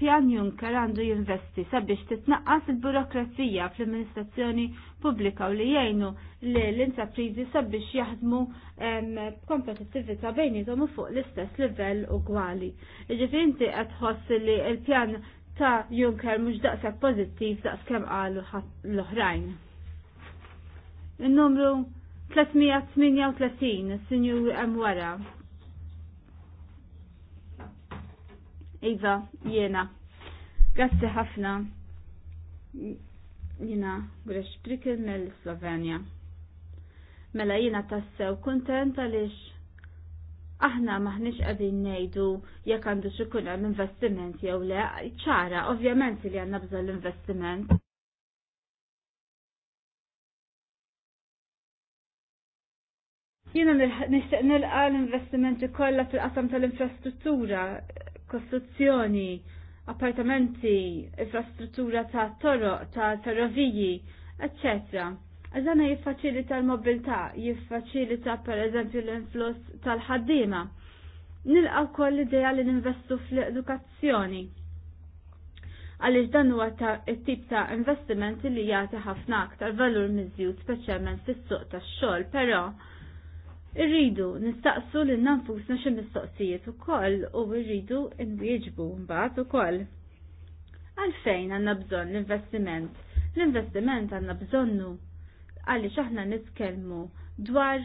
pjan Juncker għandu jinvesti sabiex titnaqqas il-burokrazija fl-amministrazzjoni pubblika u li jgħinu li l intrapriżi sabiex jaħdmu kompetittività bejnietom u fuq l-istess livell ugwali. Iġifieri inti qed tħoss li l-pjan ta' Juncker mhux daqshekk pożittiv daqs kemm qalu l-oħrajn. Il-numru 338, sinjur Amwara. Iva, jena. Grazzi ħafna. Jena, Gresh Brikel mill-Slovenja. Mela jena tassew kontenta lix aħna maħnix għadin nejdu jekk għandu xikun għal investiment jew le, ċara, ovvjament li għanna bżal investiment. Jiena nixtieq nilqa l-investimenti kollha fil-qasam tal-infrastruttura, kostruzzjoni, appartamenti, infrastruttura ta' toroq, ta' ferroviji, eccetera. Għazana e jiffaċilita l-mobilta, jiffaċilita per eżempju l-influss tal-ħaddima. Nilqa koll l-ideja li n-investu fl-edukazzjoni. Għalix dan huwa t-tip ta' investimenti li jagħti ħafna aktar valur miżjud speċjalment fis-suq tax-xogħol, però Irridu nistaqsu lil nanfusna xi mistoqsijiet ukoll u rridu nwieġbu mbagħad ukoll. Għalfejn għandna bżonn l-investiment? L-investiment għandna bżonnu għaliex aħna nitkellmu dwar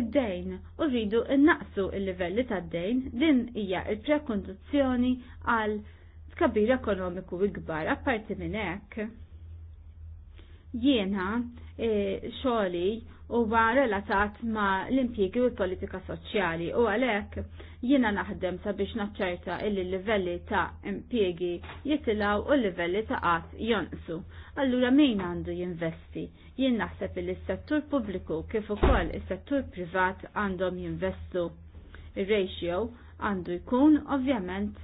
id-dejn u rridu innaqsu il-livelli tad-dejn din hija il prekonduzzjoni għal kabir ekonomiku ikbar apparti minn hekk Jiena e, u huwa relatat ma' l-impjiegi u l-politika soċjali u għalhekk jiena naħdem sabiex naċċerta illi l-livelli ta' impjiegi jitilaw u l-livelli ta' qatt jonqsu. Allura min għandu jinvesti? Jien naħseb illi s-settur pubbliku kif ukoll is-settur privat għandhom jinvestu. il ratio għandu jkun ovvjament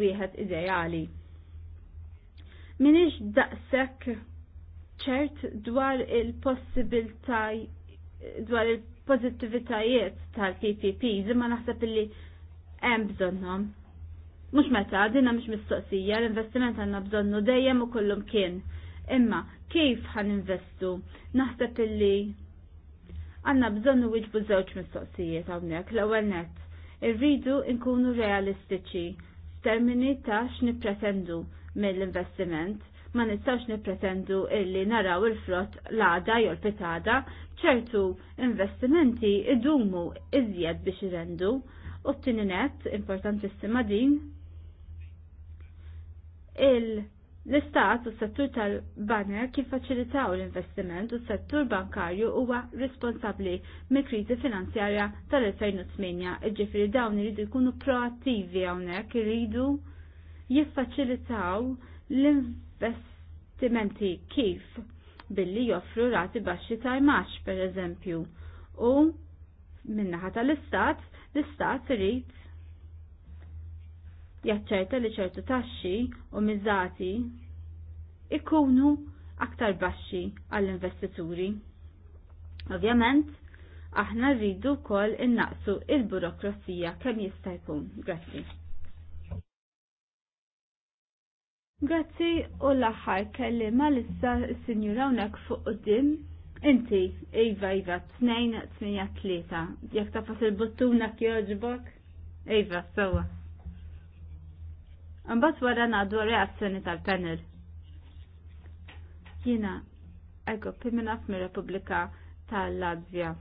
wieħed ideali. iġ daqshekk ċert dwar il-possibilità dwar il-pozittivitajiet tal-PPP, zimma naħseb illi hemm bżonnhom. Mhux meta, dinna mhux mistoqsija, l-investiment għandna bżonnu dejjem u kollum kien. Imma kif ħan investu? Naħseb illi għandna bżonnu wieġbu żewġ mistoqsijiet hawnhekk l-ewwel nett. Irridu nkunu realistiċi f'termini ta' x'nippretendu mill-investiment ma nistawx nipretendu illi naraw il flott l-għada jew l-pitada ċertu investimenti idumu iżjed biex irendu u t tininet net importantissima din l-istat u s-settur tal-baner kif faċilitaw l-investiment u s-settur bankarju huwa responsabli me krizi finanzjarja tal-2008 ġifiri dawn iridu jkunu proattivi hawnhekk iridu jiffaċilitaw l-investiment investimenti kif billi joffru rati baxxi ta' imax per eżempju u minnaħa tal-istat l-istat rrit jaċċerta li ċertu taxxi u miżati ikunu aktar baxxi għall-investituri. Ovvjament, aħna rridu kol innaqsu il-burokrazija kemm jista' jkun. Grazzi. Grazzi u l-axar kelli ma l-issa s-sinjura unak fuq dim. Inti, Iva, Iva, 2-8-3. Jek tafas il buttunak joġbok? Iva, sowa. Mbatt wara nadu reazzjoni tal-panel. Jina, ego, piminaf mir Repubblika tal-Latvja.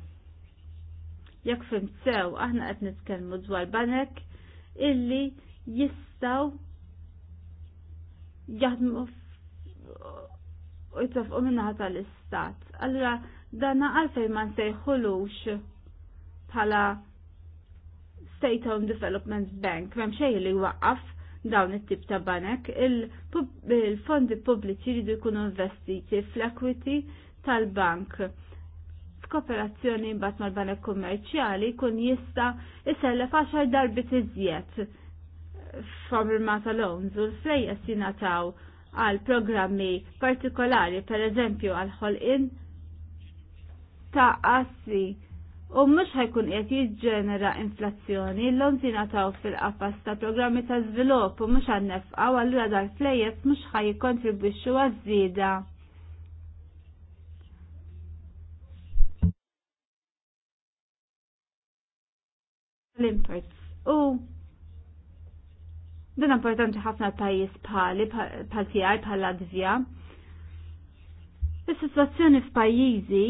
Jek fim sew, aħna qed nitkellmu dwar banek illi jistaw jaħdmu u jitofqu minnaħa tal-istat. Allora danna għalfej ma sejħulux bħala State Home Development Bank, mem xej li waqqaf dawn it-tip ta' banek, il-fondi pubbliċi jridu jkunu investiti fl-equity tal-bank f'kooperazzjoni mbagħad mal-banek kummerċjali kun jista' isellef għaxar darbit iżjed forma ta' loans u l-flejjes jingħataw għal programmi partikolari, per eżempju għal ħolqin ta' assi u mhux ħajkun qed jiġġenera inflazzjoni, l-loans jingħataw fil-qafas ta' programmi ta' żvilupp u mhux għannefqa u allura dal-flejjes mhux ħajkontribwixxu għaż-żieda. l-imports. U Dan importanti ħafna pajis bħali, bħal tijaj, bħal Latvija. is sitwazzjoni f'pajjiżi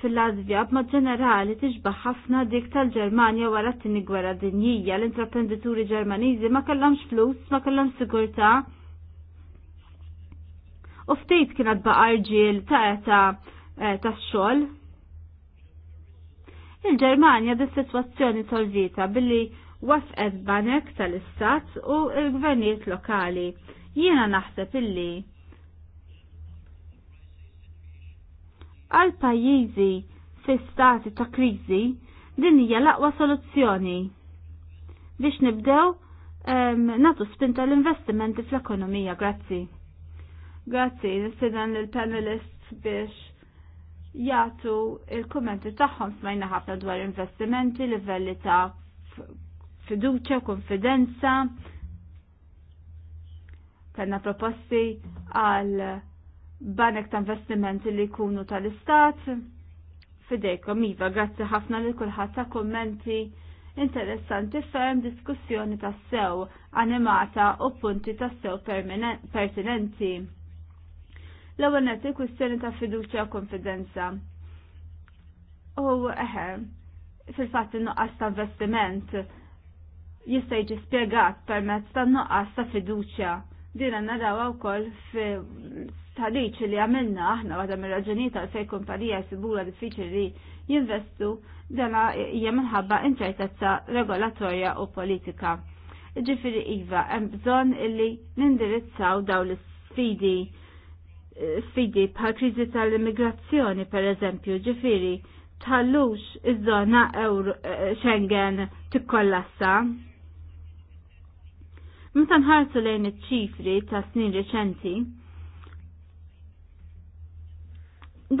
fil-Latvija b'mod ġenerali tixbaħ ħafna dik tal-Ġermanja wara t-tieni gwerra dinjija l-intraprenditori Ġermaniżi ma kellhomx flus, ma kellhomx sigurtà. U ftit kienet baqar ġiel ta' eta ta' eh, xogħol. Il-Ġermanja dis-sitwazzjoni solvita billi wasqet banek tal-istat u l-gvernijiet lokali. Jiena naħseb illi għal pajjiżi fi stati ta' kriżi din hija l-aqwa soluzzjoni biex nibdew um, natu spinta l-investimenti fl-ekonomija. Grazzi. Grazzi, nistidan l-panelist biex jagħtu il-kommenti tagħhom smajna ħafna dwar investimenti, livelli ta' fiduċa u konfidenza. Kena proposti għal banek ta' investimenti li jkunu tal-istat. Fidejkom, Iva, grazzi ħafna li kullħat ta' kommenti interessanti ferm diskussjoni ta' sew animata u punti ta' sew pertinenti. L-ewwel nett il-kwistjoni ta' fiduċja u konfidenza. U eħe, fil-fatt in-nuqqas ta' investiment jista' jiġi spjegat permezz tan-nuqqas ta' fiduċja. Dina naraw wkoll fi tħadiċ li għamilna aħna waħda mir-raġunijiet għal fejn kumpanija sibura diffiċli li jinvestu dana hija minħabba inċertezza regolatorja u politika. Ġifiri iva, hemm bżonn illi nindirizzaw dawn l-sfidi sfidi bħal kriżi tal-immigrazzjoni per eżempju, ġifiri, tħallux iż-żona eh, Schengen tikkollassa. Meta nħarsu lejn iċ-ċifri ta' snin reċenti,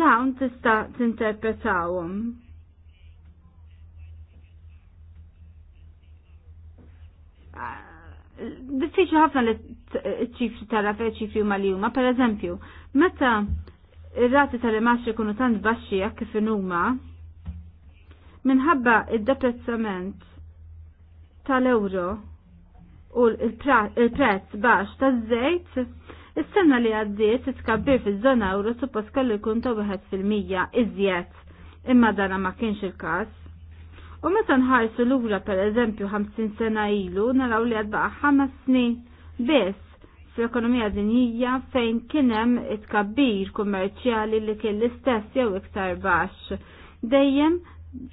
dawn tista' tinterpretawhom diffiċli ħafna li ċifri tara fej ċifri huma li huma, per eżempju, meta ir-rati tal-imax kunu tant baxxi jekk kif huma, minħabba id-deprezzament tal-euro u l-prezz baħx ta' zejt, is-sena li għaddiet it tkabbir fil-zona euro suppost kellu jkun ta' mija iżjed, imma dana ma kienx il-kas. U meta nħarsu lura per eżempju 50 sena ilu naraw li għadbaqa 5 snin biss fl-ekonomija dinjija fejn kienem it-kabbir kummerċjali li kien l-istess jew iktar baxx. Dejjem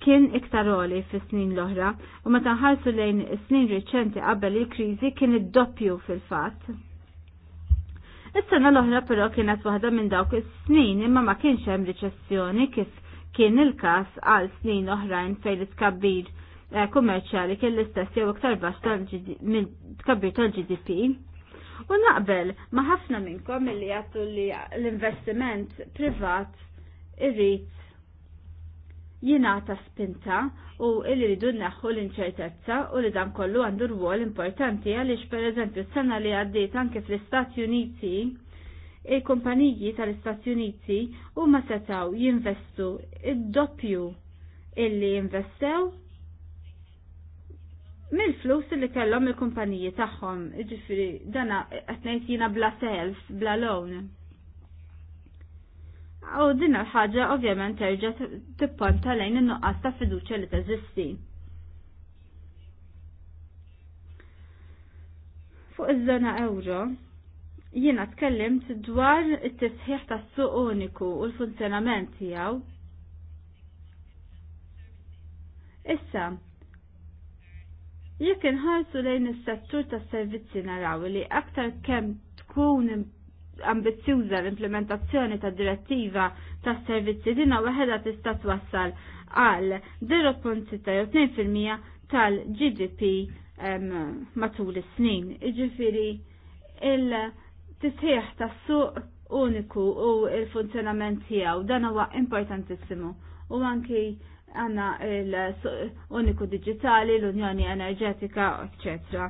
kien iktar għoli fis-snin l-oħra u meta nħarsu lejn is-snin riċenti qabel il-kriżi kien id-doppju fil-fatt. Is-sena l-oħra però kienet waħda minn dawk is-snin imma ma kienx hemm riċessjoni kif kien il-każ għal snin oħrajn fejn it-tkabbir eh, kummerċjali kien l-istess jew iktar baxx tal tkabbir tal-GDP. U naqbel ma ħafna minnkom illi jagħtu li l-investiment privat irrid jingħata spinta u illi rridu neħħu l-inċertezza u li dan kollu għandu rwol importanti għaliex pereżempju s-sena li għaddiet anke fl-Istati Uniti il-kumpaniji tal-Istati Uniti huma setaw jinvestu id-doppju illi investew mill-flus li kellhom il-kumpaniji tagħhom, ġifiri dana qed ngħid jiena bla self, bla loan. U din l-ħaġa ovvjament terġa' tipponta lejn in-nuqqas ta' fiduċja li teżisti. Fuq iż-żona euro, jiena tkellimt dwar it-tisħiħ tas-suq uniku u l-funzjonament tiegħu. Issa, jekk inħarsu lejn is-settur tas-servizzi naraw li aktar kemm tkun ambizzjuża l-implementazzjoni ta' direttiva ta' servizzi dina waħedha tista' twassal għal 0.62% tal-GDP matul is-snin. Iġifieri il-tisħiħ tas-suq uniku u il-funzjonament tiegħu dan huwa importantissimu u anki għanna l-uniku digitali, l-unjoni enerġetika, eccetera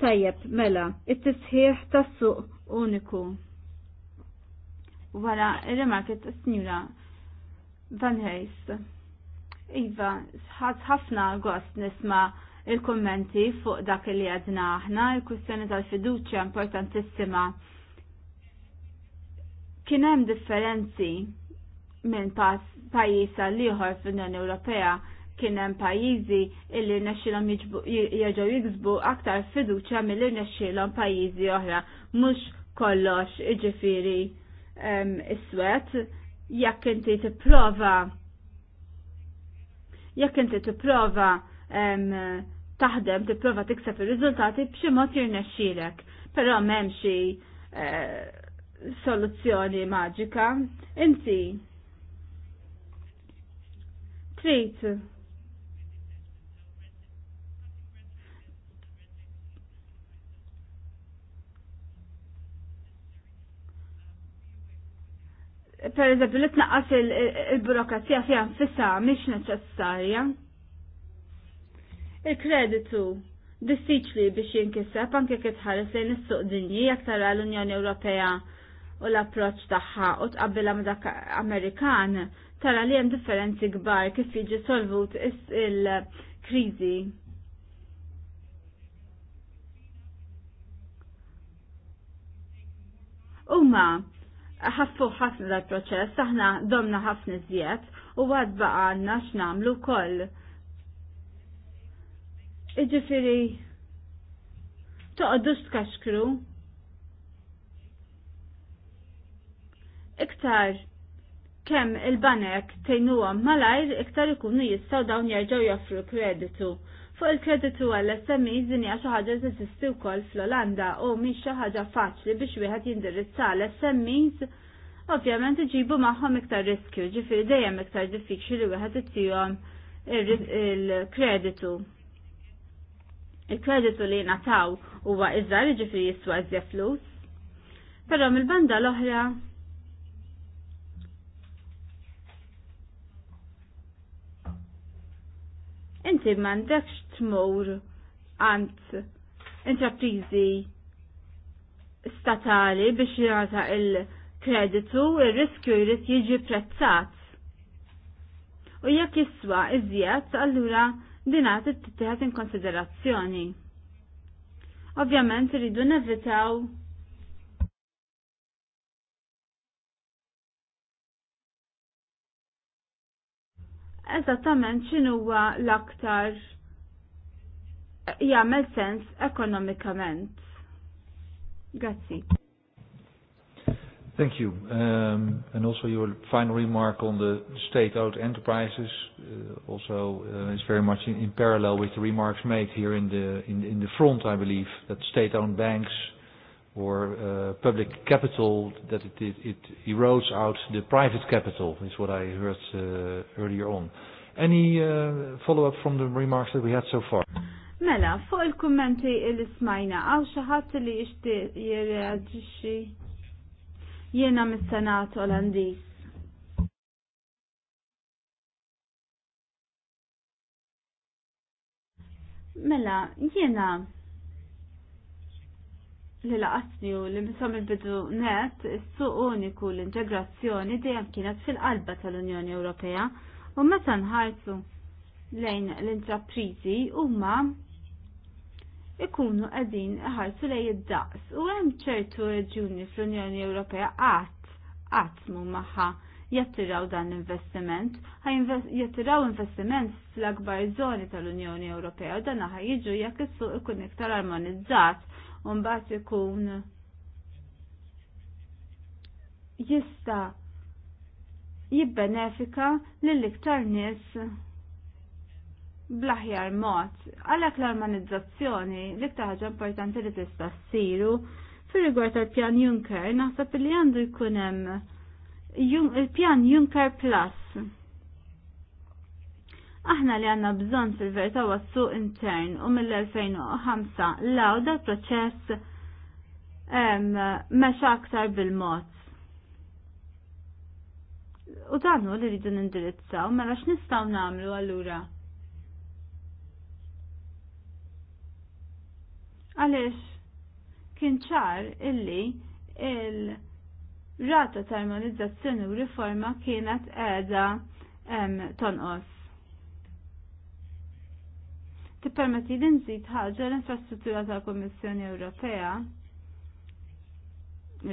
Tajjeb, mela, it-tisħiħ tas-suq uniku wara il-remarket ta' Van Heys. Iva, sħad ħafna gost nisma il-kommenti fuq dak li għadna aħna, il kustjoni tal-fiduċja importantissima. Kien hemm differenzi minn pajjiż għal ieħor fl-Unjoni Ewropea kien hemm pajjiżi illi rnexxielhom jerġgħu jiksbu aktar fiduċja milli nesċilom pajjiżi oħra mhux kollox iġifieri iswed jekk inti tipprova jekk inti tipprova taħdem tipprova tikseb ir-riżultati b'xi mod jirnexxielek, però m'hemm xi eh, soluzzjoni maġika. Inti trid per eżempju, li tnaqqas il-burokrazija fiha nfisha mhix neċessarja. Il-kreditu diffiċli biex jinkiseb anke kif tħares lejn is-suq dinji tara l unjoni Ewropea u l-approċċ tagħha u tqabbilha ma' dak Amerikan tara li hemm differenzi kbar kif jiġi solvut il-kriżi. Uma, ħaffu ħafna dal-proċess, aħna domna ħafna zjed u għad baqa x'namlu koll. Iġifiri, toqdux tkaxkru. Iktar kemm il-banek tejnuhom malajr iktar ikunu jistgħu dawn jerġgħu joffru kreditu Fuq il-kreditu għall-SMI e, dinja xi ħaġa teżisti wkoll fl-Olanda u miex xaħġa ħaġa faċli biex wieħed jindirizza l-SMIs ovvjament iġibu magħhom iktar riskju, ġifieri dejjem iktar diffiċli li wieħed ittihom il-kreditu. Il-kreditu li nataw huwa iżgħar ġifieri jiswa iżja flus. Però mill-banda l-oħra inti mandekx tmur għant intraprizi statali biex jirata il-kreditu, il-riskju jrid jiġi prezzat. U jekk jiswa iżjed, allura dinat it-tittieħed in konsiderazzjoni. Ovvjament rridu nevitaw Eżattament x'inhuwa l-aktar jagħmel sens ekonomikament. Grazzi. Thank you. Um, and also your final remark on the state-owned enterprises uh, also uh, is very much in, in parallel with the remarks made here in the, in, in the front, I believe, that state-owned banks or uh, public capital, that it, it, it erodes out the private capital, is what I heard uh, earlier on. Any uh, follow-up from the remarks that we had so far? Mela, fuq il-kummenti li ismajna għaw xaħat li jishti jirreagġiċi jena mis-senat olandis. Mela, jena li laqasni li misom il-bidu net, s-suq uniku l-integrazzjoni dejjem kienet fil-qalba tal-Unjoni Ewropea u meta nħarsu lejn l-intraprizi u ma' ikunu għadin ħarsu lej id-daqs u hemm ċertu reġjuni fl-Unjoni Ewropea qatt qatt mu magħha jattiraw dan l-investiment, jattiraw investiment fl-akbar żoni tal-Unjoni Ewropea u dan ħaj jiġu jekk is-suq ikun iktar armonizzat u mbagħad ikun jista' jibbenefika lill-iktar nies blaħjar mod għalek l-armonizzazzjoni l-iktar ħaġa importanti li tista' ssiru fir-rigward tal-pjan Juncker naħseb li għandu jkun hemm il-pjan Juncker Plus. Aħna li għanna bżon fil-verta wassu intern u mill-2005 law dal proċess meċa aktar bil-mod. U hu li rridu nindirizzaw, mela x'nistgħu nagħmlu allura? Għaliex kien ċar illi il-rata ta' armonizzazzjoni u riforma kienet qiegħda tonqos. Tippermetti li nżid ħaġa l-infrastruttura tal-Kummissjoni Ewropea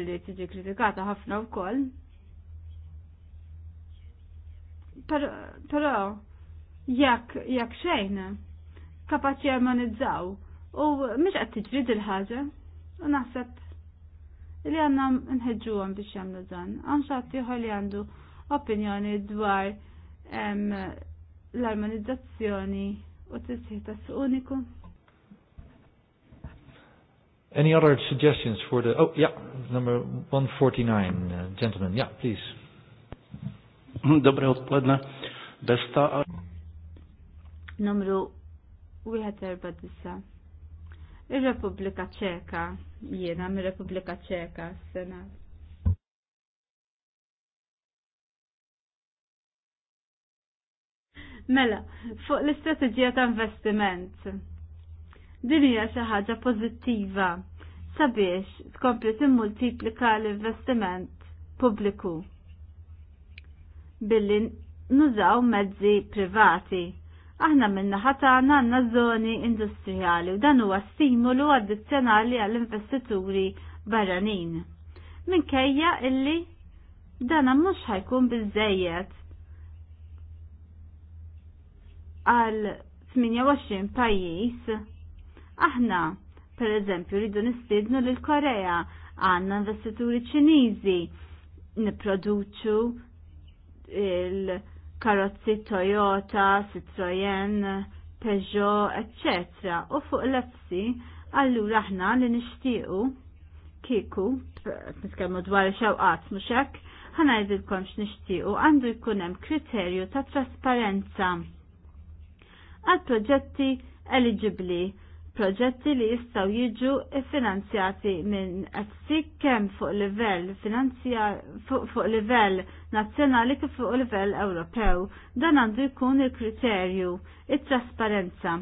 li tiġi kritikata ħafna wkoll. Però jekk jekk xejn kapaċi armonizzaw U mhix qed tiġri dil-ħaġa u naħseb li għandna nħeġġuhom biex jagħmlu dan. Għan xatt ieħor li għandu opinjoni dwar l-armonizzazzjoni u tisħiħ tas uniku. Any other suggestions for the, oh yeah, number 149, uh, gentlemen, yeah, please. Dobre odpoledne. Besta. Numru 149 ir-Repubblika Ċeka. Jiena mir-Repubblika Ċeka s sena Mela, fuq l-istrateġija ta' investiment. Din hija xi ħaġa pożittiva sabiex tkompli timmultiplika l-investiment pubbliku billi nużaw mezzi privati Aħna minna ħatana għanna zoni industrijali u dan huwa stimolu addizzjonali għall-investituri barranin. Minkejja illi dan mhux ħajkun biżejjed għal 28 pajjiż. Aħna, per eżempju, rridu nistidnu lil Korea għandna investituri Ċiniżi nipproduċu il- karozzi Toyota, Citroen, Peugeot, etc. U fuq l allura aħna li nixtiequ kiku, nitkellmu dwar xewqat mhux hekk, ħanajdilkom x'nixtiequ għandu jkun hemm kriterju ta' trasparenza għal proġetti eligibli proġetti li jistaw jiġu finanzjati minn għazzik kem fuq livell fuq, fuq livell nazzjonali kif fuq livell Ewropew. Dan għandu jkun il-kriterju, il-trasparenza,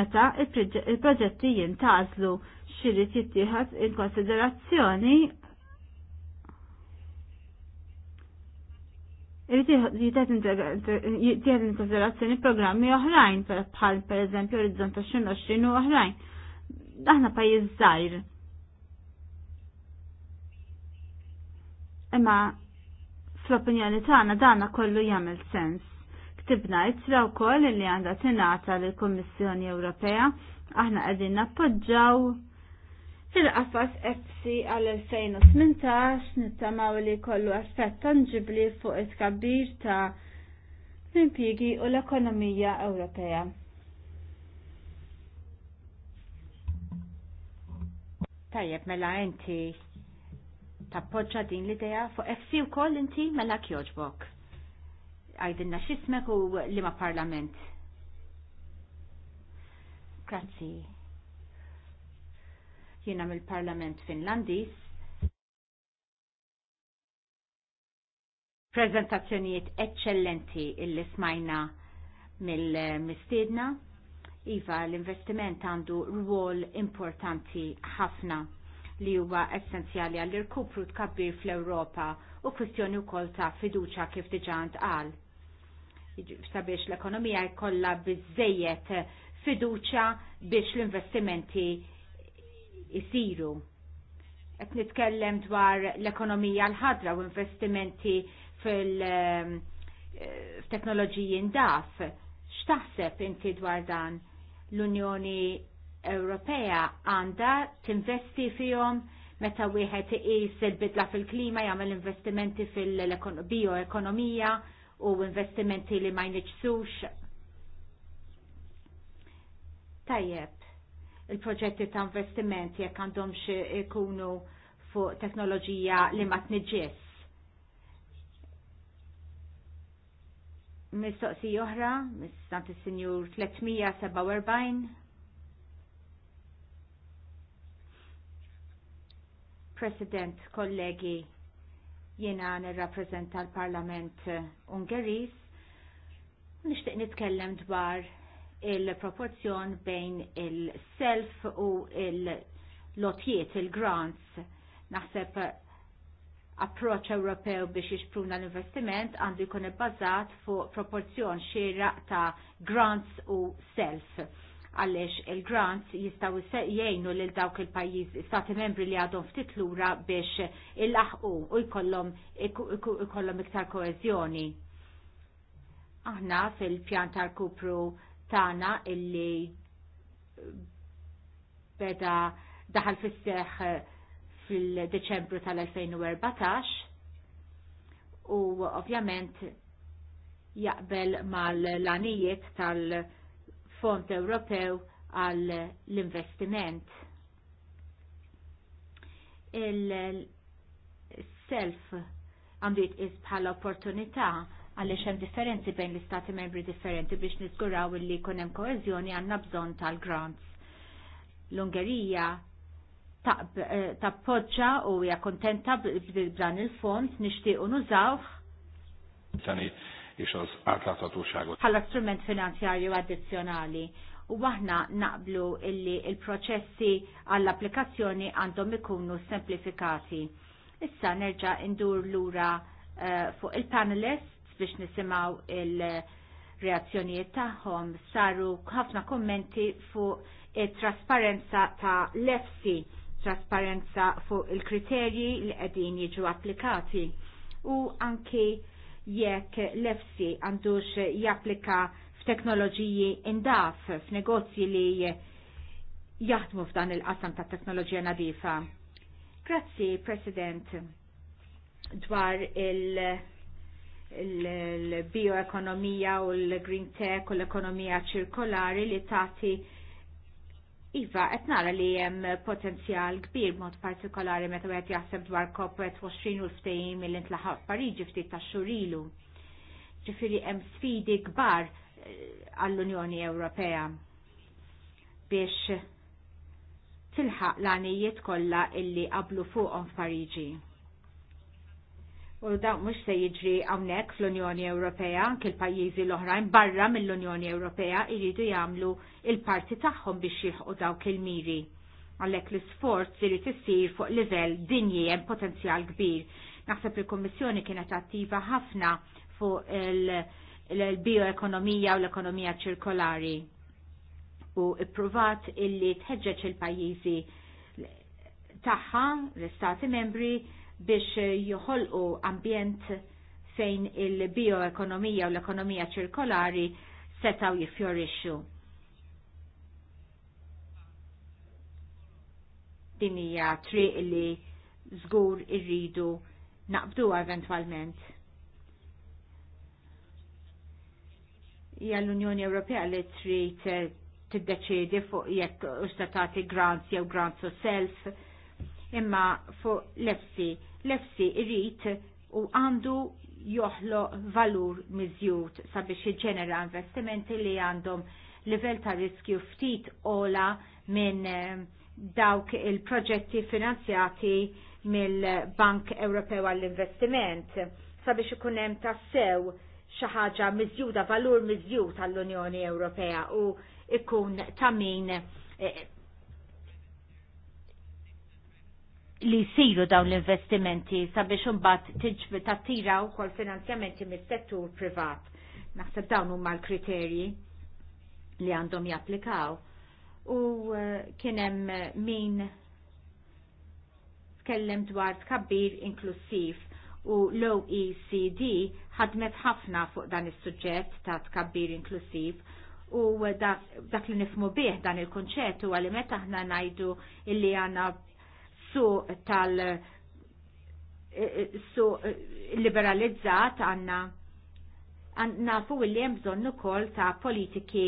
meta il-proġetti jintazlu xirrit jittieħed in konsiderazzjoni Irrid jieħed in konsiderazzjoni programmi oħrajn bħal pereżempju Orizzont 2020 u oħrajn. Aħna pajjiż żgħir. Imma fl-opinjoni tagħna dana kollu jagħmel sens. Ktibna jitra wkoll li għandha tingħata lill-Kummissjoni Ewropea aħna qegħdin nappoġġaw Il-qafas EPSI għal-2018 nittamaw li kollu aspett tangibli fuq it-kabbir ta' l-impjigi u l-ekonomija Ewropea. Tajjeb, mela inti tappoġġa din l-idea fuq EFSI u koll inti mela kjoġbok. Għajdinna xismek u lima parlament. Grazzi jiena mill-Parlament Finlandiż. Prezentazzjonijiet eccellenti illi smajna mill-mistiedna. Iva l-investiment għandu rwol importanti ħafna li huwa essenzjali għall irkupru tkabbir fl-Ewropa u kwistjoni wkoll ta' fiduċa kif diġà għal. Sabiex l-ekonomija jkollha biżejjed fiduċa biex l-investimenti jisiru. Et nitkellem dwar l-ekonomija l-ħadra u investimenti fil-teknoloġiji ehm, eh, ndaf. X'taħseb inti dwar dan l-Unjoni Ewropea għandha tinvesti fihom meta wieħed iqis il-bidla fil-klima jagħmel investimenti fil-bioekonomija u investimenti li ma jniġsux. Tajjeb il-proġetti ta' investimenti jekk għandhom ikunu fuq teknoloġija li ma tniġġis. Mistoqsi oħra, mistant il-Sinjur 347. President, kollegi, jena nirrapprezenta l-Parlament Ungeris, nishtiq nitkellem dwar il-proporzjon bejn il-self u il-lotiet, il-grants. Naħseb approċ Ewropew biex jixpruna l-investiment għandu jkun ibbażat fuq proporzjon xira ta' grants u self għaliex il-grants jistaw jgħinu lil dawk il-pajjiż stati membri li għadhom ftit lura biex il-laħqu u jkollhom iktar koeżjoni. Aħna fil-pjan tal-kupru Tana illi eh, beda daħal fis eh, fil-Deċembru tal-2014 u ovvjament jaqbel mal-lanijiet tal-Fond Ewropew għall-investiment. Il-self għandit jitqis bħala opportunità għaliex hemm differenzi bejn l-istati membri differenti biex niżguraw li jkun hemm koeżjoni għandna bżonn tal-grants. L-Ungerija eh, tappoġġa u hija kontenta b'dan il-fond nixtiequ nużawh. Tani biex strument finanzjarju addizzjonali u aħna naqblu illi il-proċessi għall-applikazzjoni għandhom ikunu semplifikati. Issa nerġa' indur lura fuq il-panelist biex nisimaw il-reazzjonijiet tagħhom saru ħafna kommenti fuq it-trasparenza ta' lefsi, trasparenza fuq il-kriterji li qegħdin jiġu applikati u anki jekk l-EFSI għandux japplika f'teknoloġiji indaf f'negozji li jaħdmu f'dan il-qasam ta' teknoloġija nadifa. Grazzi, President, dwar il- l-bioekonomija u l-green tech u l-ekonomija ċirkolari li tati Iva, qed nara li hemm potenzjal kbir mod partikolari meta wieħed jaħseb dwar koppet 20 u l-ftehim milli ntlaħaq Pariġi ftit ta' xurilu. Ġifieri hemm sfidi kbar eh, għall-Unjoni Ewropea biex tilħaq l-għanijiet kollha illi qablu fuqhom f'Pariġi. U da mux se jiġri għamnek fl-Unjoni Ewropea, anke l-pajjiżi l-oħrajn barra mill-Unjoni Ewropea jridu jagħmlu il-parti tagħhom biex jilħqu dawk il-miri. Għalhekk l-isforz irid issir fuq livell dinji hemm potenzjal kbir. Naħseb il-Kummissjoni kienet attiva ħafna fuq il-bioekonomija u l-ekonomija ċirkolari u ippruvat illi tħeġġeġ il-pajjiżi tagħha, l-Istati membri, biex joħolqu ambjent fejn il-bioekonomija u l-ekonomija ċirkolari setaw jiffjorixxu. Din hija triq li żgur irridu naqbduha eventwalment. Hija l-Unjoni Ewropea li trid tiddeċiedi fuq jekk u tagħti grants jew grants u self imma fuq l lefsi l irrit u għandu joħlo valur miżjud sabiex jiġġenera investimenti li għandhom livell ta' riskju ftit ola minn eh, dawk il-proġetti finanzjati mill-Bank Ewropew għall-Investiment sabiex ikun hemm tassew xi ħaġa miżjuda valur miżjud għall-Unjoni Ewropea u ikun ta' min eh, li jisiru dawn l-investimenti sabiex imbagħad tiġb tattira wkoll finanzjamenti mis-settur privat. Naħseb dawn huma l-kriterji li għandhom japplikaw. U eh, kien hemm eh, min tkellem dwar tkabbir inklusiv u l-OECD ħadmet ħafna fuq dan is-suġġett ta' tkabbir inklusiv u eh, dak, li nifmu bih dan il-konċett u għali meta ħna najdu illi suq tal e, e, su liberalizzat għanna nafu li hemm bżonn ukoll ta' politiki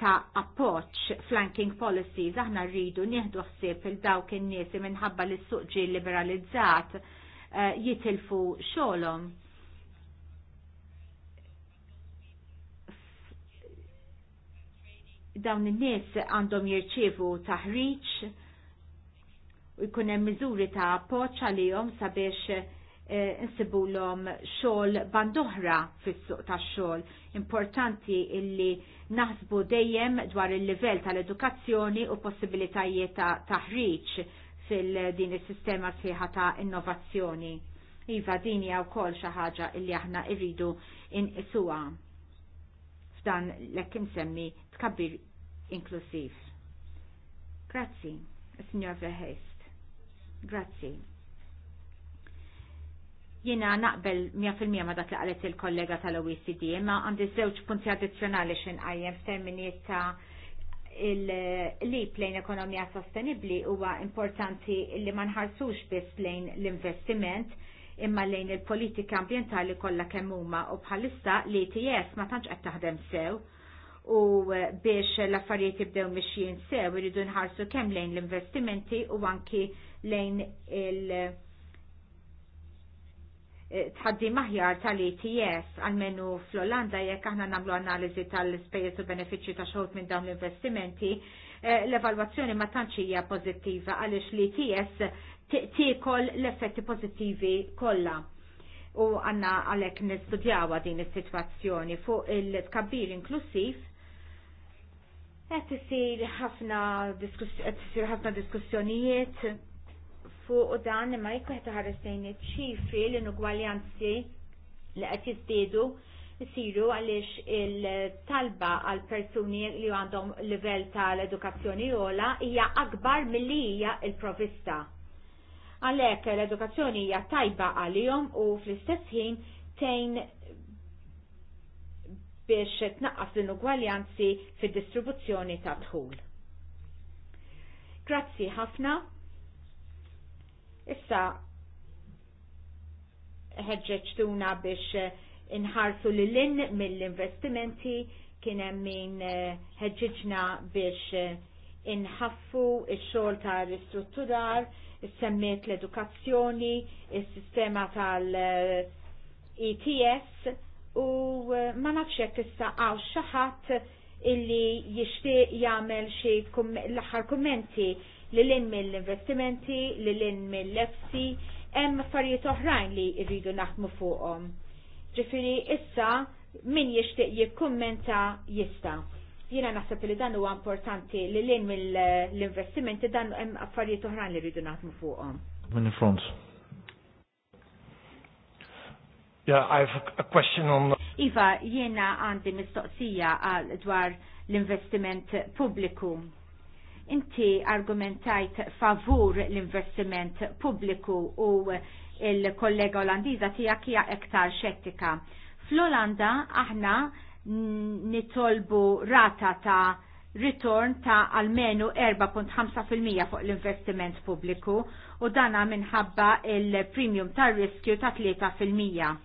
ta' approach flanking policies aħna rridu nieħdu ħsieb il dawk in-nies minħabba li s-suq ġie liberalizzat e, jitilfu xogħolhom. Dawn in-nies għandhom jirċievu taħriġ u jkun hemm miżuri ta' appoġġ għalihom sabiex eh, insibulhom xogħol bandoħra fis-suq tax-xogħol. Importanti illi naħsbu dejjem dwar il-livell tal-edukazzjoni u possibilitajiet ta' taħriġ fil-din is-sistema sħiħa ta' innovazzjoni. Iva din hija wkoll xi ħaġa illi aħna rridu inqisuha f'dan l-hekk insemmi tkabbir inklusiv. Grazzi, Signor Verhees. Grazzi. Jiena naqbel 100% ma dak li qalet il-kollega tal-OECD, ma għandi żewġ punti addizzjonali x'inqajjem f'terminijiet ta' il-lip lejn ekonomija sostenibli huwa importanti li ma nħarsux biss lejn l-investiment imma lejn il-politika ambientali kollha kemm huma u bħalissa li TS e ma tantx qed taħdem sew u biex l-affarijiet jibdew mixjin sew iridu nħarsu kemm lejn l-investimenti u anki lejn il- eh, tħaddi maħjar tal-ETS għalmenu fl-Olanda jekk aħna nagħmlu analiżi tal-spejjeż u ta' xogħol minn dawn l-investimenti, eh, l-evalwazzjoni ma tantx hija pożittiva għaliex l-ETS tiekol l-effetti pożittivi kollha. U għanna għalek nistudjawa din is-sitwazzjoni fuq il-tkabbir inklusiv qed isir ħafna diskussjonijiet fuq dan imma jekk wieħed iħares iċ-ċifri l-inugwaljanzi li qed jiżdiedu jsiru għaliex il-talba għal persuni li għandhom livell tal-edukazzjoni ola hija akbar milli hija il-provista. Għalhekk l-edukazzjoni hija tajba għalihom u fl-istess ħin tejn biex tnaqqas l-inugwaljanzi fid-distribuzzjoni ta' dħul. Grazzi ħafna. Issa ħedġeċtuna biex eh, inħarsu l in mill-investimenti kien hemm min eh, ħeġġeġna biex eh, inħaffu ix-xogħol ta' ristrutturar, semmiet l-edukazzjoni, il sistema tal-ETS e u ma nafx issa għaw xi ħadd illi jixtieq jagħmel xi l-aħħar kummenti li l-in mill-investimenti, li l-in mill-lefsi, hemm affarijiet oħrajn li rridu naħdmu fuqhom. Ġifieri issa min jixtieq jikkummenta jista. Jiena naħseb li dan huwa importanti li l-in mill-investimenti dan hemm affarijiet oħrajn li rridu naħdmu fuqhom. Mini front. Yeah, I have a question on Iva, jiena għandi mistoqsija għal dwar l-investiment pubbliku. Inti argumentajt favur l-investiment pubbliku u il-kollega Olandiza tijak hija ektar xettika. Fl-Olanda aħna nitolbu rata ta' return ta' almenu 4.5% fuq l-investiment pubbliku u dana minħabba il-premium ta' riskju ta' 3%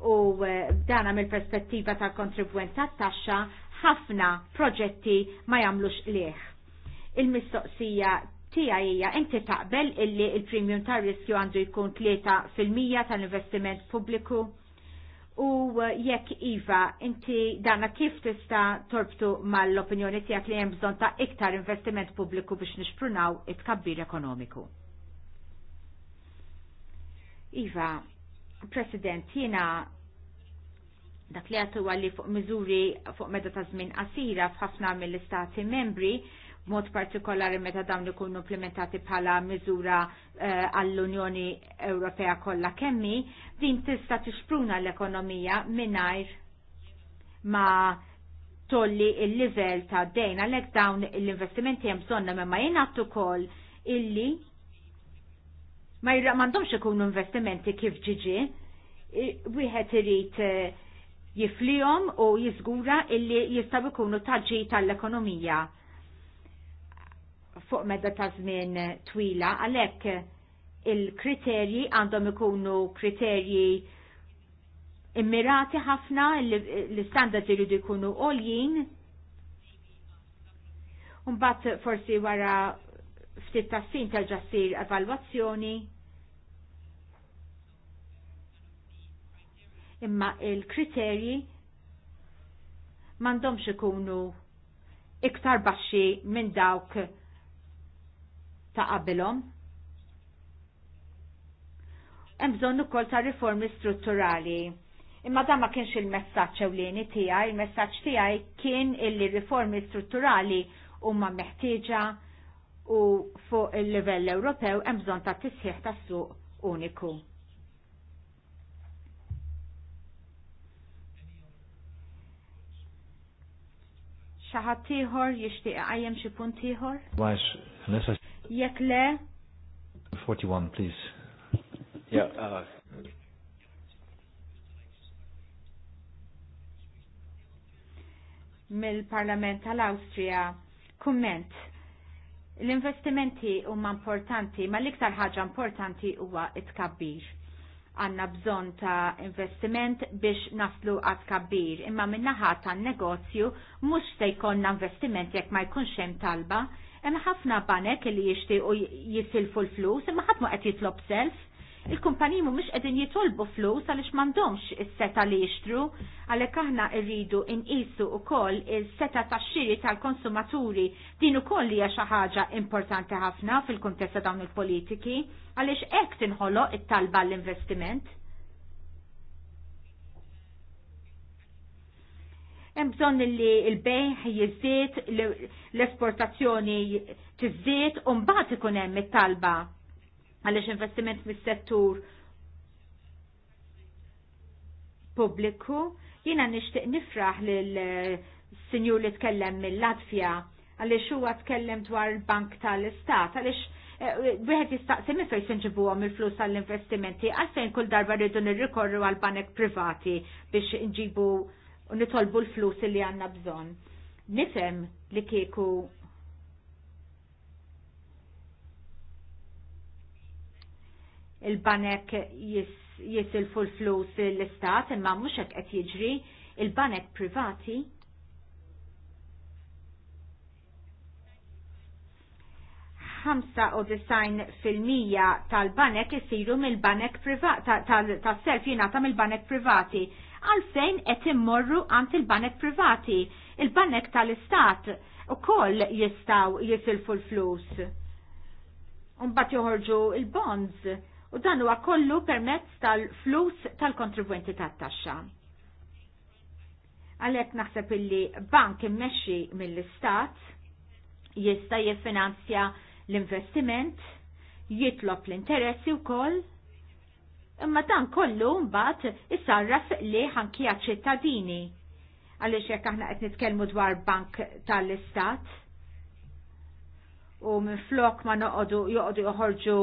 u eh, dana mill-perspettiva tal kontribwenta ta' taxxa ħafna proġetti ma jagħmlux liħ. Il-mistoqsija tija hija inti taqbel illi il-premium tar riskju għandu jkun 3% tal-investiment pubbliku u uh, jekk Iva inti dana kif tista' torbtu mal-opinjoni tiegħek li hemm bżonn ta' iktar investiment pubbliku biex nixprunaw it-kabbir ekonomiku. Iva, President, jiena dak li għatu għalli fuq miżuri fuq meda ta' żmien qasira f'ħafna mill-istati membri mod partikolari meta dawn ikunu implementati bħala miżura eh, għall-Unjoni Ewropea kollha kemmi, din tista' tixpruna l-ekonomija mingħajr ma tolli il-livell ta' dejn għalhekk dawn l-investimenti hemm bżonna imma jingħat ukoll illi ma m'għandhomx ikunu investimenti kif ġiġi, wieħed irid eh, jiflihom u jiżgura illi jistgħu jkunu taġġi tal-ekonomija fuq medda ta' żmien twila, għalhekk il-kriterji għandhom ikunu kriterji immirati ħafna, l-standard iridu jkunu għoljin. Mbagħad forsi wara ftit ta' sin terġa' ssir evalwazzjoni. Imma il-kriterji m'għandhomx ikunu iktar baxxi minn dawk ta' qabilhom. Hemm bżonn ukoll ta' riformi strutturali. Imma dan ma kienx il-messaġġ ewlieni tiegħi, il-messaġġ tiegħi kien illi riformi strutturali huma meħtieġa u fuq il-livell Ewropew hemm bżonn ta' tisħiħ tas-suq uniku. Xi ħadd ieħor jixtieq għajjem xi punt ieħor? Jekk le? 41, please. Yeah, uh, mill-Parlament tal-Awstrija kumment. L-investimenti huma importanti, ma l-iktar ħaġa importanti huwa it-kabbir. Għanna bżon ta' investiment biex naslu għat kabbir, imma minnaħat ta' negozju mux se jkonna investiment jekk ma jkunx hemm talba, Hemm ħafna banek li jixtiequ jisilfu l-flus, imma ħadd ma qed jitlob self. Il-kumpaniji mhumiex qegħdin jitolbu flus għaliex m'għandhomx is-seta li jixtru, għalhekk aħna rridu nqisu wkoll is-seta tax-xiri tal-konsumaturi din ukoll hija xi ħaġa importanti ħafna fil-kuntest ta' dawn il-politiki għaliex hekk tinħoloq it-talba l-investiment Hemm bżonn li l-bejħ jizziet, l-esportazzjoni tizziet, u mbagħad ikun hemm it-talba għaliex investiment mis-settur pubbliku. Jiena nixtieq nifraħ l eh, sinju li tkellem mill latvija għaliex huwa tkellem dwar il-Bank tal-Istat għaliex eh, Wieħed jistaqsi minn fejn għom il-flus għall-investimenti, għalfejn kull darba rridu nirrikorru għal banek privati biex nġibu u nitolbu l-flus li għanna bżon. Nifem li kieku il-banek jisilfu l-flus l-istat, imma mux qed jiġri il-banek privati fil-mija tal-banek jisiru mill-banek privati, tal-self ta, ta, ta, jingħata mill-banek privati għalfejn qed immorru għand il-banek privati, il-banek tal-istat ukoll jistgħu jisilfu l-flus. Mbagħad joħorġu il-bonds u dan huwa kollu permezz tal-flus tal-kontribwenti tat-taxxa. Għalhekk naħseb illi bank immexxi mill-istat jista' jiffinanzja l-investiment, jitlob l-interessi wkoll Imma dan kollu mbagħad isarraf li ħanki ċittadini. Għaliex jekk aħna qed nitkellmu dwar bank tal-istat u minn flok ma noqogħdu joqogħdu joħorġu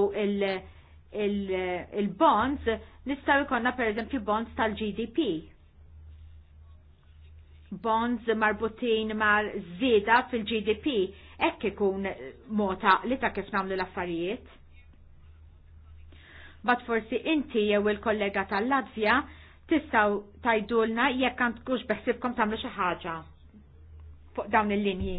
il-bonds, il, il nistgħu jkollna pereżempju bonds tal-GDP. Bonds marbutin mal zida fil-GDP, hekk ikun mota li ta' kif nagħmlu l-affarijiet bat forsi inti jew il-kollega tal latvija tistaw tajdulna jekk għandkux beħsibkom tagħmlu xi ħaġa fuq dawn il-linji.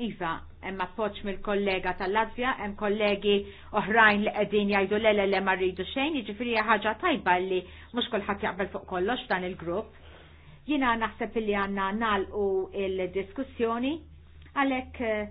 Iva, emma poċ mill-kollega tal-Latvja, hemm kollegi oħrajn li qegħdin jgħidu l le ma rridu xejn, jiġifieri hija ħaġa tajba li mhux kulħadd jaqbel fuq kollox dan il-grupp. Jiena naħseb li għandna nagħlqu il-diskussjoni għalhekk eh,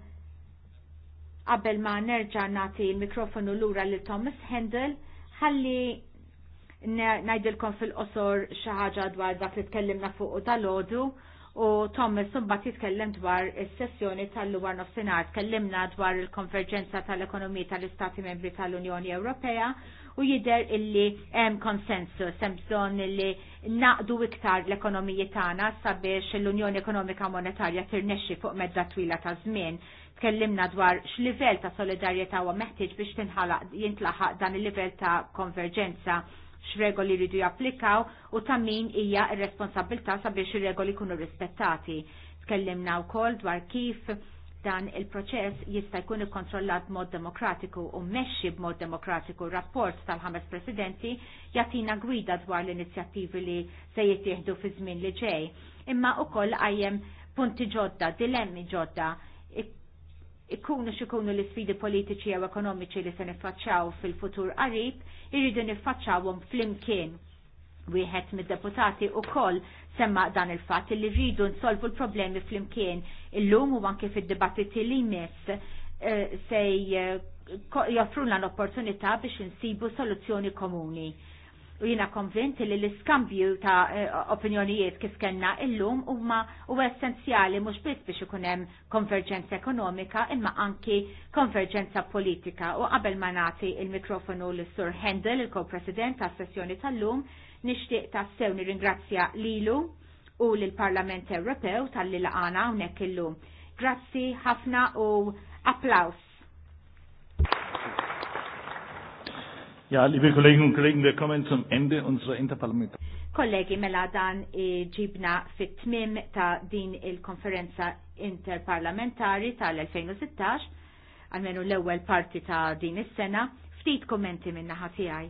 Qabel ma nerġa' nagħti l-mikrofonu lura lil Thomas Handel ħalli najdilkom fil-qosor xi ħaġa dwar dak li tkellimna fuq tal ħodu u Thomas imbagħad jitkellem dwar is-sessjoni tal-luwar nofsinhar tkellimna dwar il-konverġenza tal-ekonomija tal-Istati Membri tal-Unjoni Ewropea u jidher illi hemm konsensus hemm bżonn illi naqdu iktar l-ekonomiji tagħna sabiex l-Unjoni Ekonomika Monetarja tirnexxi fuq medda twila ta' żmien tkellimna dwar x'livell ta' solidarjetà u meħtieġ biex tinħalaq jintlaħaq dan il-livell ta' konverġenza x'regoli jridu japplikaw u ta' min hija r-responsabilità sabiex ir-regoli jkunu rispettati. Tkellimna wkoll dwar kif dan il-proċess jista' jkun ikkontrollat mod demokratiku u mmexxi b'mod demokratiku rapport tal-ħames presidenti jagħtina gwida dwar l-inizjattivi li se jittieħdu fi żmien li ġej. Imma wkoll għajjem punti ġodda, dilemmi ġodda ikunu xikunu l-sfidi politiċi jew ekonomiċi li se nifacċaw fil-futur qarib, irridu niffaċċawhom flimkien. Wieħed mid-deputati u koll semma dan il-fatt li rridu nsolvu l-problemi flimkien illum u anke fid-dibattiti li jmiss eh, se eh, joffrunna l-opportunità biex insibu soluzzjoni komuni u jina konvinti li l-iskambju ta' eh, opinjonijiet kif kena illum huma u essenzjali mhux biss biex ikun hemm konverġenza ekonomika imma anki konverġenza politika u qabel ma nagħti il-mikrofonu l sur Hendel il-ko-president tas sessjoni tal-lum nixtieq tassew nirringrazzja lilu u l-Parlament Ewropew tal-li laqana hawnhekk illum. Grazzi ħafna u applaus. Ja, liebe Kollegen und Kollegen, wir kommen zum Ende unserer Interparlament. Kollegi, mela dan eh, ġibna fit-tmim ta' din il-konferenza interparlamentari tal-2016, għalmenu l-ewel parti ta' din is-sena, ftit kommenti minna ħatijaj.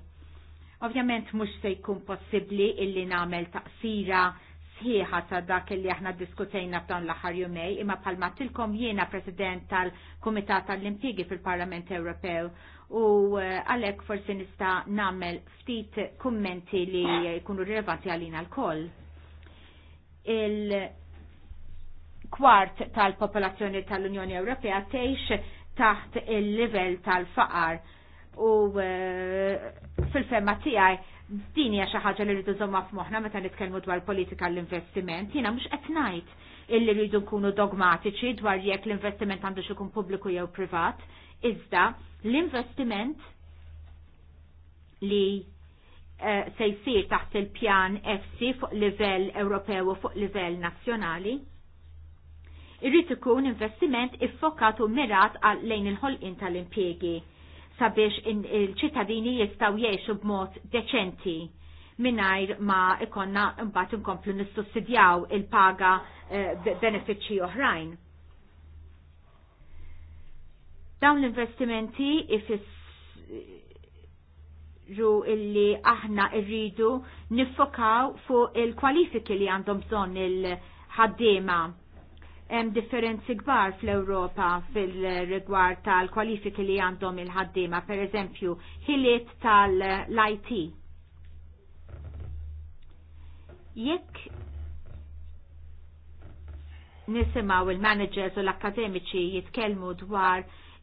Ovvjament mux se jkun possibli illi namel taqsira sħiħa ta' dak li aħna diskutejna f'dan l-aħħar jumej, imma palmatilkom tilkom jiena President tal-Kumitat tal impjiegi fil-Parlament Ewropew u eh, għalek forsi nista namel ftit kummenti li jkunu rilevanti għalina l-koll. Il-kwart tal-popolazzjoni tal-Unjoni Ewropea teħx taħt il-level tal-faqar u eh, fil-femma tijaj din hija xi ħaġa li rridu żomma f'moħħna meta nitkellmu dwar politika l-investiment, jiena mhux qed ngħid illi rridu nkunu dogmatiċi dwar jekk l-investiment għandu xukun publiku pubbliku jew privat, iżda L-investiment li eh, se jisir taħt il-pjan FC fuq livell Ewropew u fuq livell nazzjonali irrid ikun investiment iffokat u mirat għal lejn il-ħolqien tal-impjegi sabiex il-ċittadini jistgħu jgħixu b'mod deċenti mingħajr ma ikonna mbagħad inkomplu nissussidjaw il-paga eh, benefiċċji oħrajn Dawn l-investimenti ifissru illi aħna irridu nifokaw fuq il-kwalifiki li għandhom bżonn il-ħaddiema hemm differenzi kbar fl-Ewropa fil-rigward tal-kwalifiki li għandhom il-ħaddiema, per eżempju, ħiliet tal-IT. Jekk nisimaw il-managers u l-akademiċi jitkellmu dwar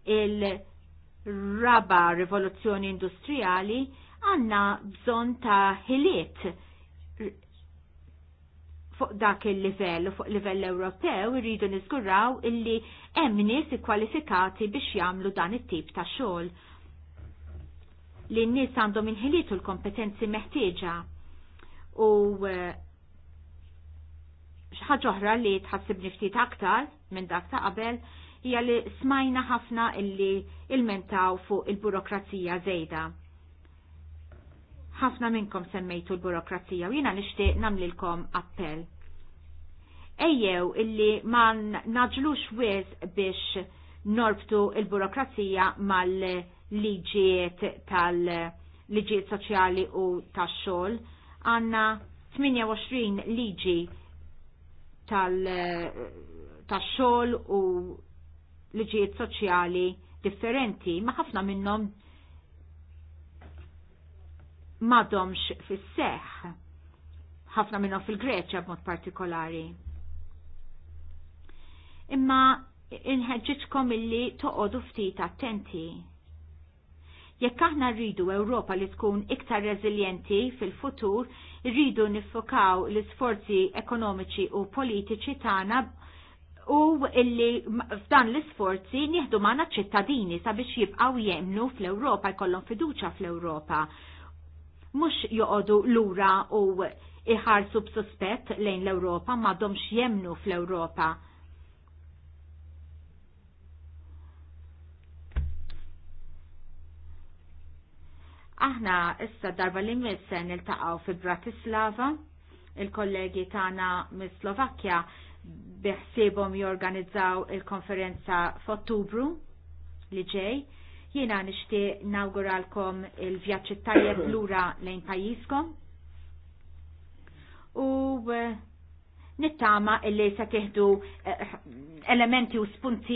il-raba rivoluzzjoni industrijali għanna bżon ta' ħiliet fuq dak il-livell u fuq livell Ewropew irridu niżguraw illi hemm nies ikkwalifikati biex jagħmlu dan it-tip ta' xogħol. Li n-nies għandhom inħilitu l-kompetenzi meħtieġa u xi eh, ħaġa oħra li tħassibni ftit aktar minn dak ta' qabel hija li smajna ħafna illi ilmentaw fuq il-burokrazija żejda. Ħafna minnkom semmejtu l-burokrazija u jiena nixtieq namlilkom appell. Ejjew illi ma naġlux wiz biex norbtu il-burokrazija mal liġiet tal liġiet soċjali u tax-xogħol għanna 28 liġi tal tax-xogħol u liġijiet soċjali differenti, ma ħafna minnhom madomx fis-seħ. Ħafna minnhom fil-Greċja b'mod partikolari. Imma inħeġġitkom illi toqgħodu ftit attenti. Jekk aħna rridu Ewropa li tkun iktar reżiljenti fil-futur, rridu nifokaw l-isforzi ekonomiċi u politiċi tagħna u illi f'dan l-isforzi nieħdu maħna ċittadini sabiex jibqaw jemnu fl-Europa, jkollhom fiduċa fl-Europa. Mux joqodu lura u iħarsu b'suspett lejn l-Europa ma domx jemnu fl-Europa. Aħna issa darba li mis il niltaqgħu fi Bratislava, il-kollegi tagħna mis-Slovakkja biħsibom jorganizzaw il-konferenza f'Ottubru li ġej. Jiena nixtieq nawguralkom il-vjaġġ tajjeb [coughs] lura lejn pajjiżkom. U eh, nittama illi se tieħdu eh, elementi u spunti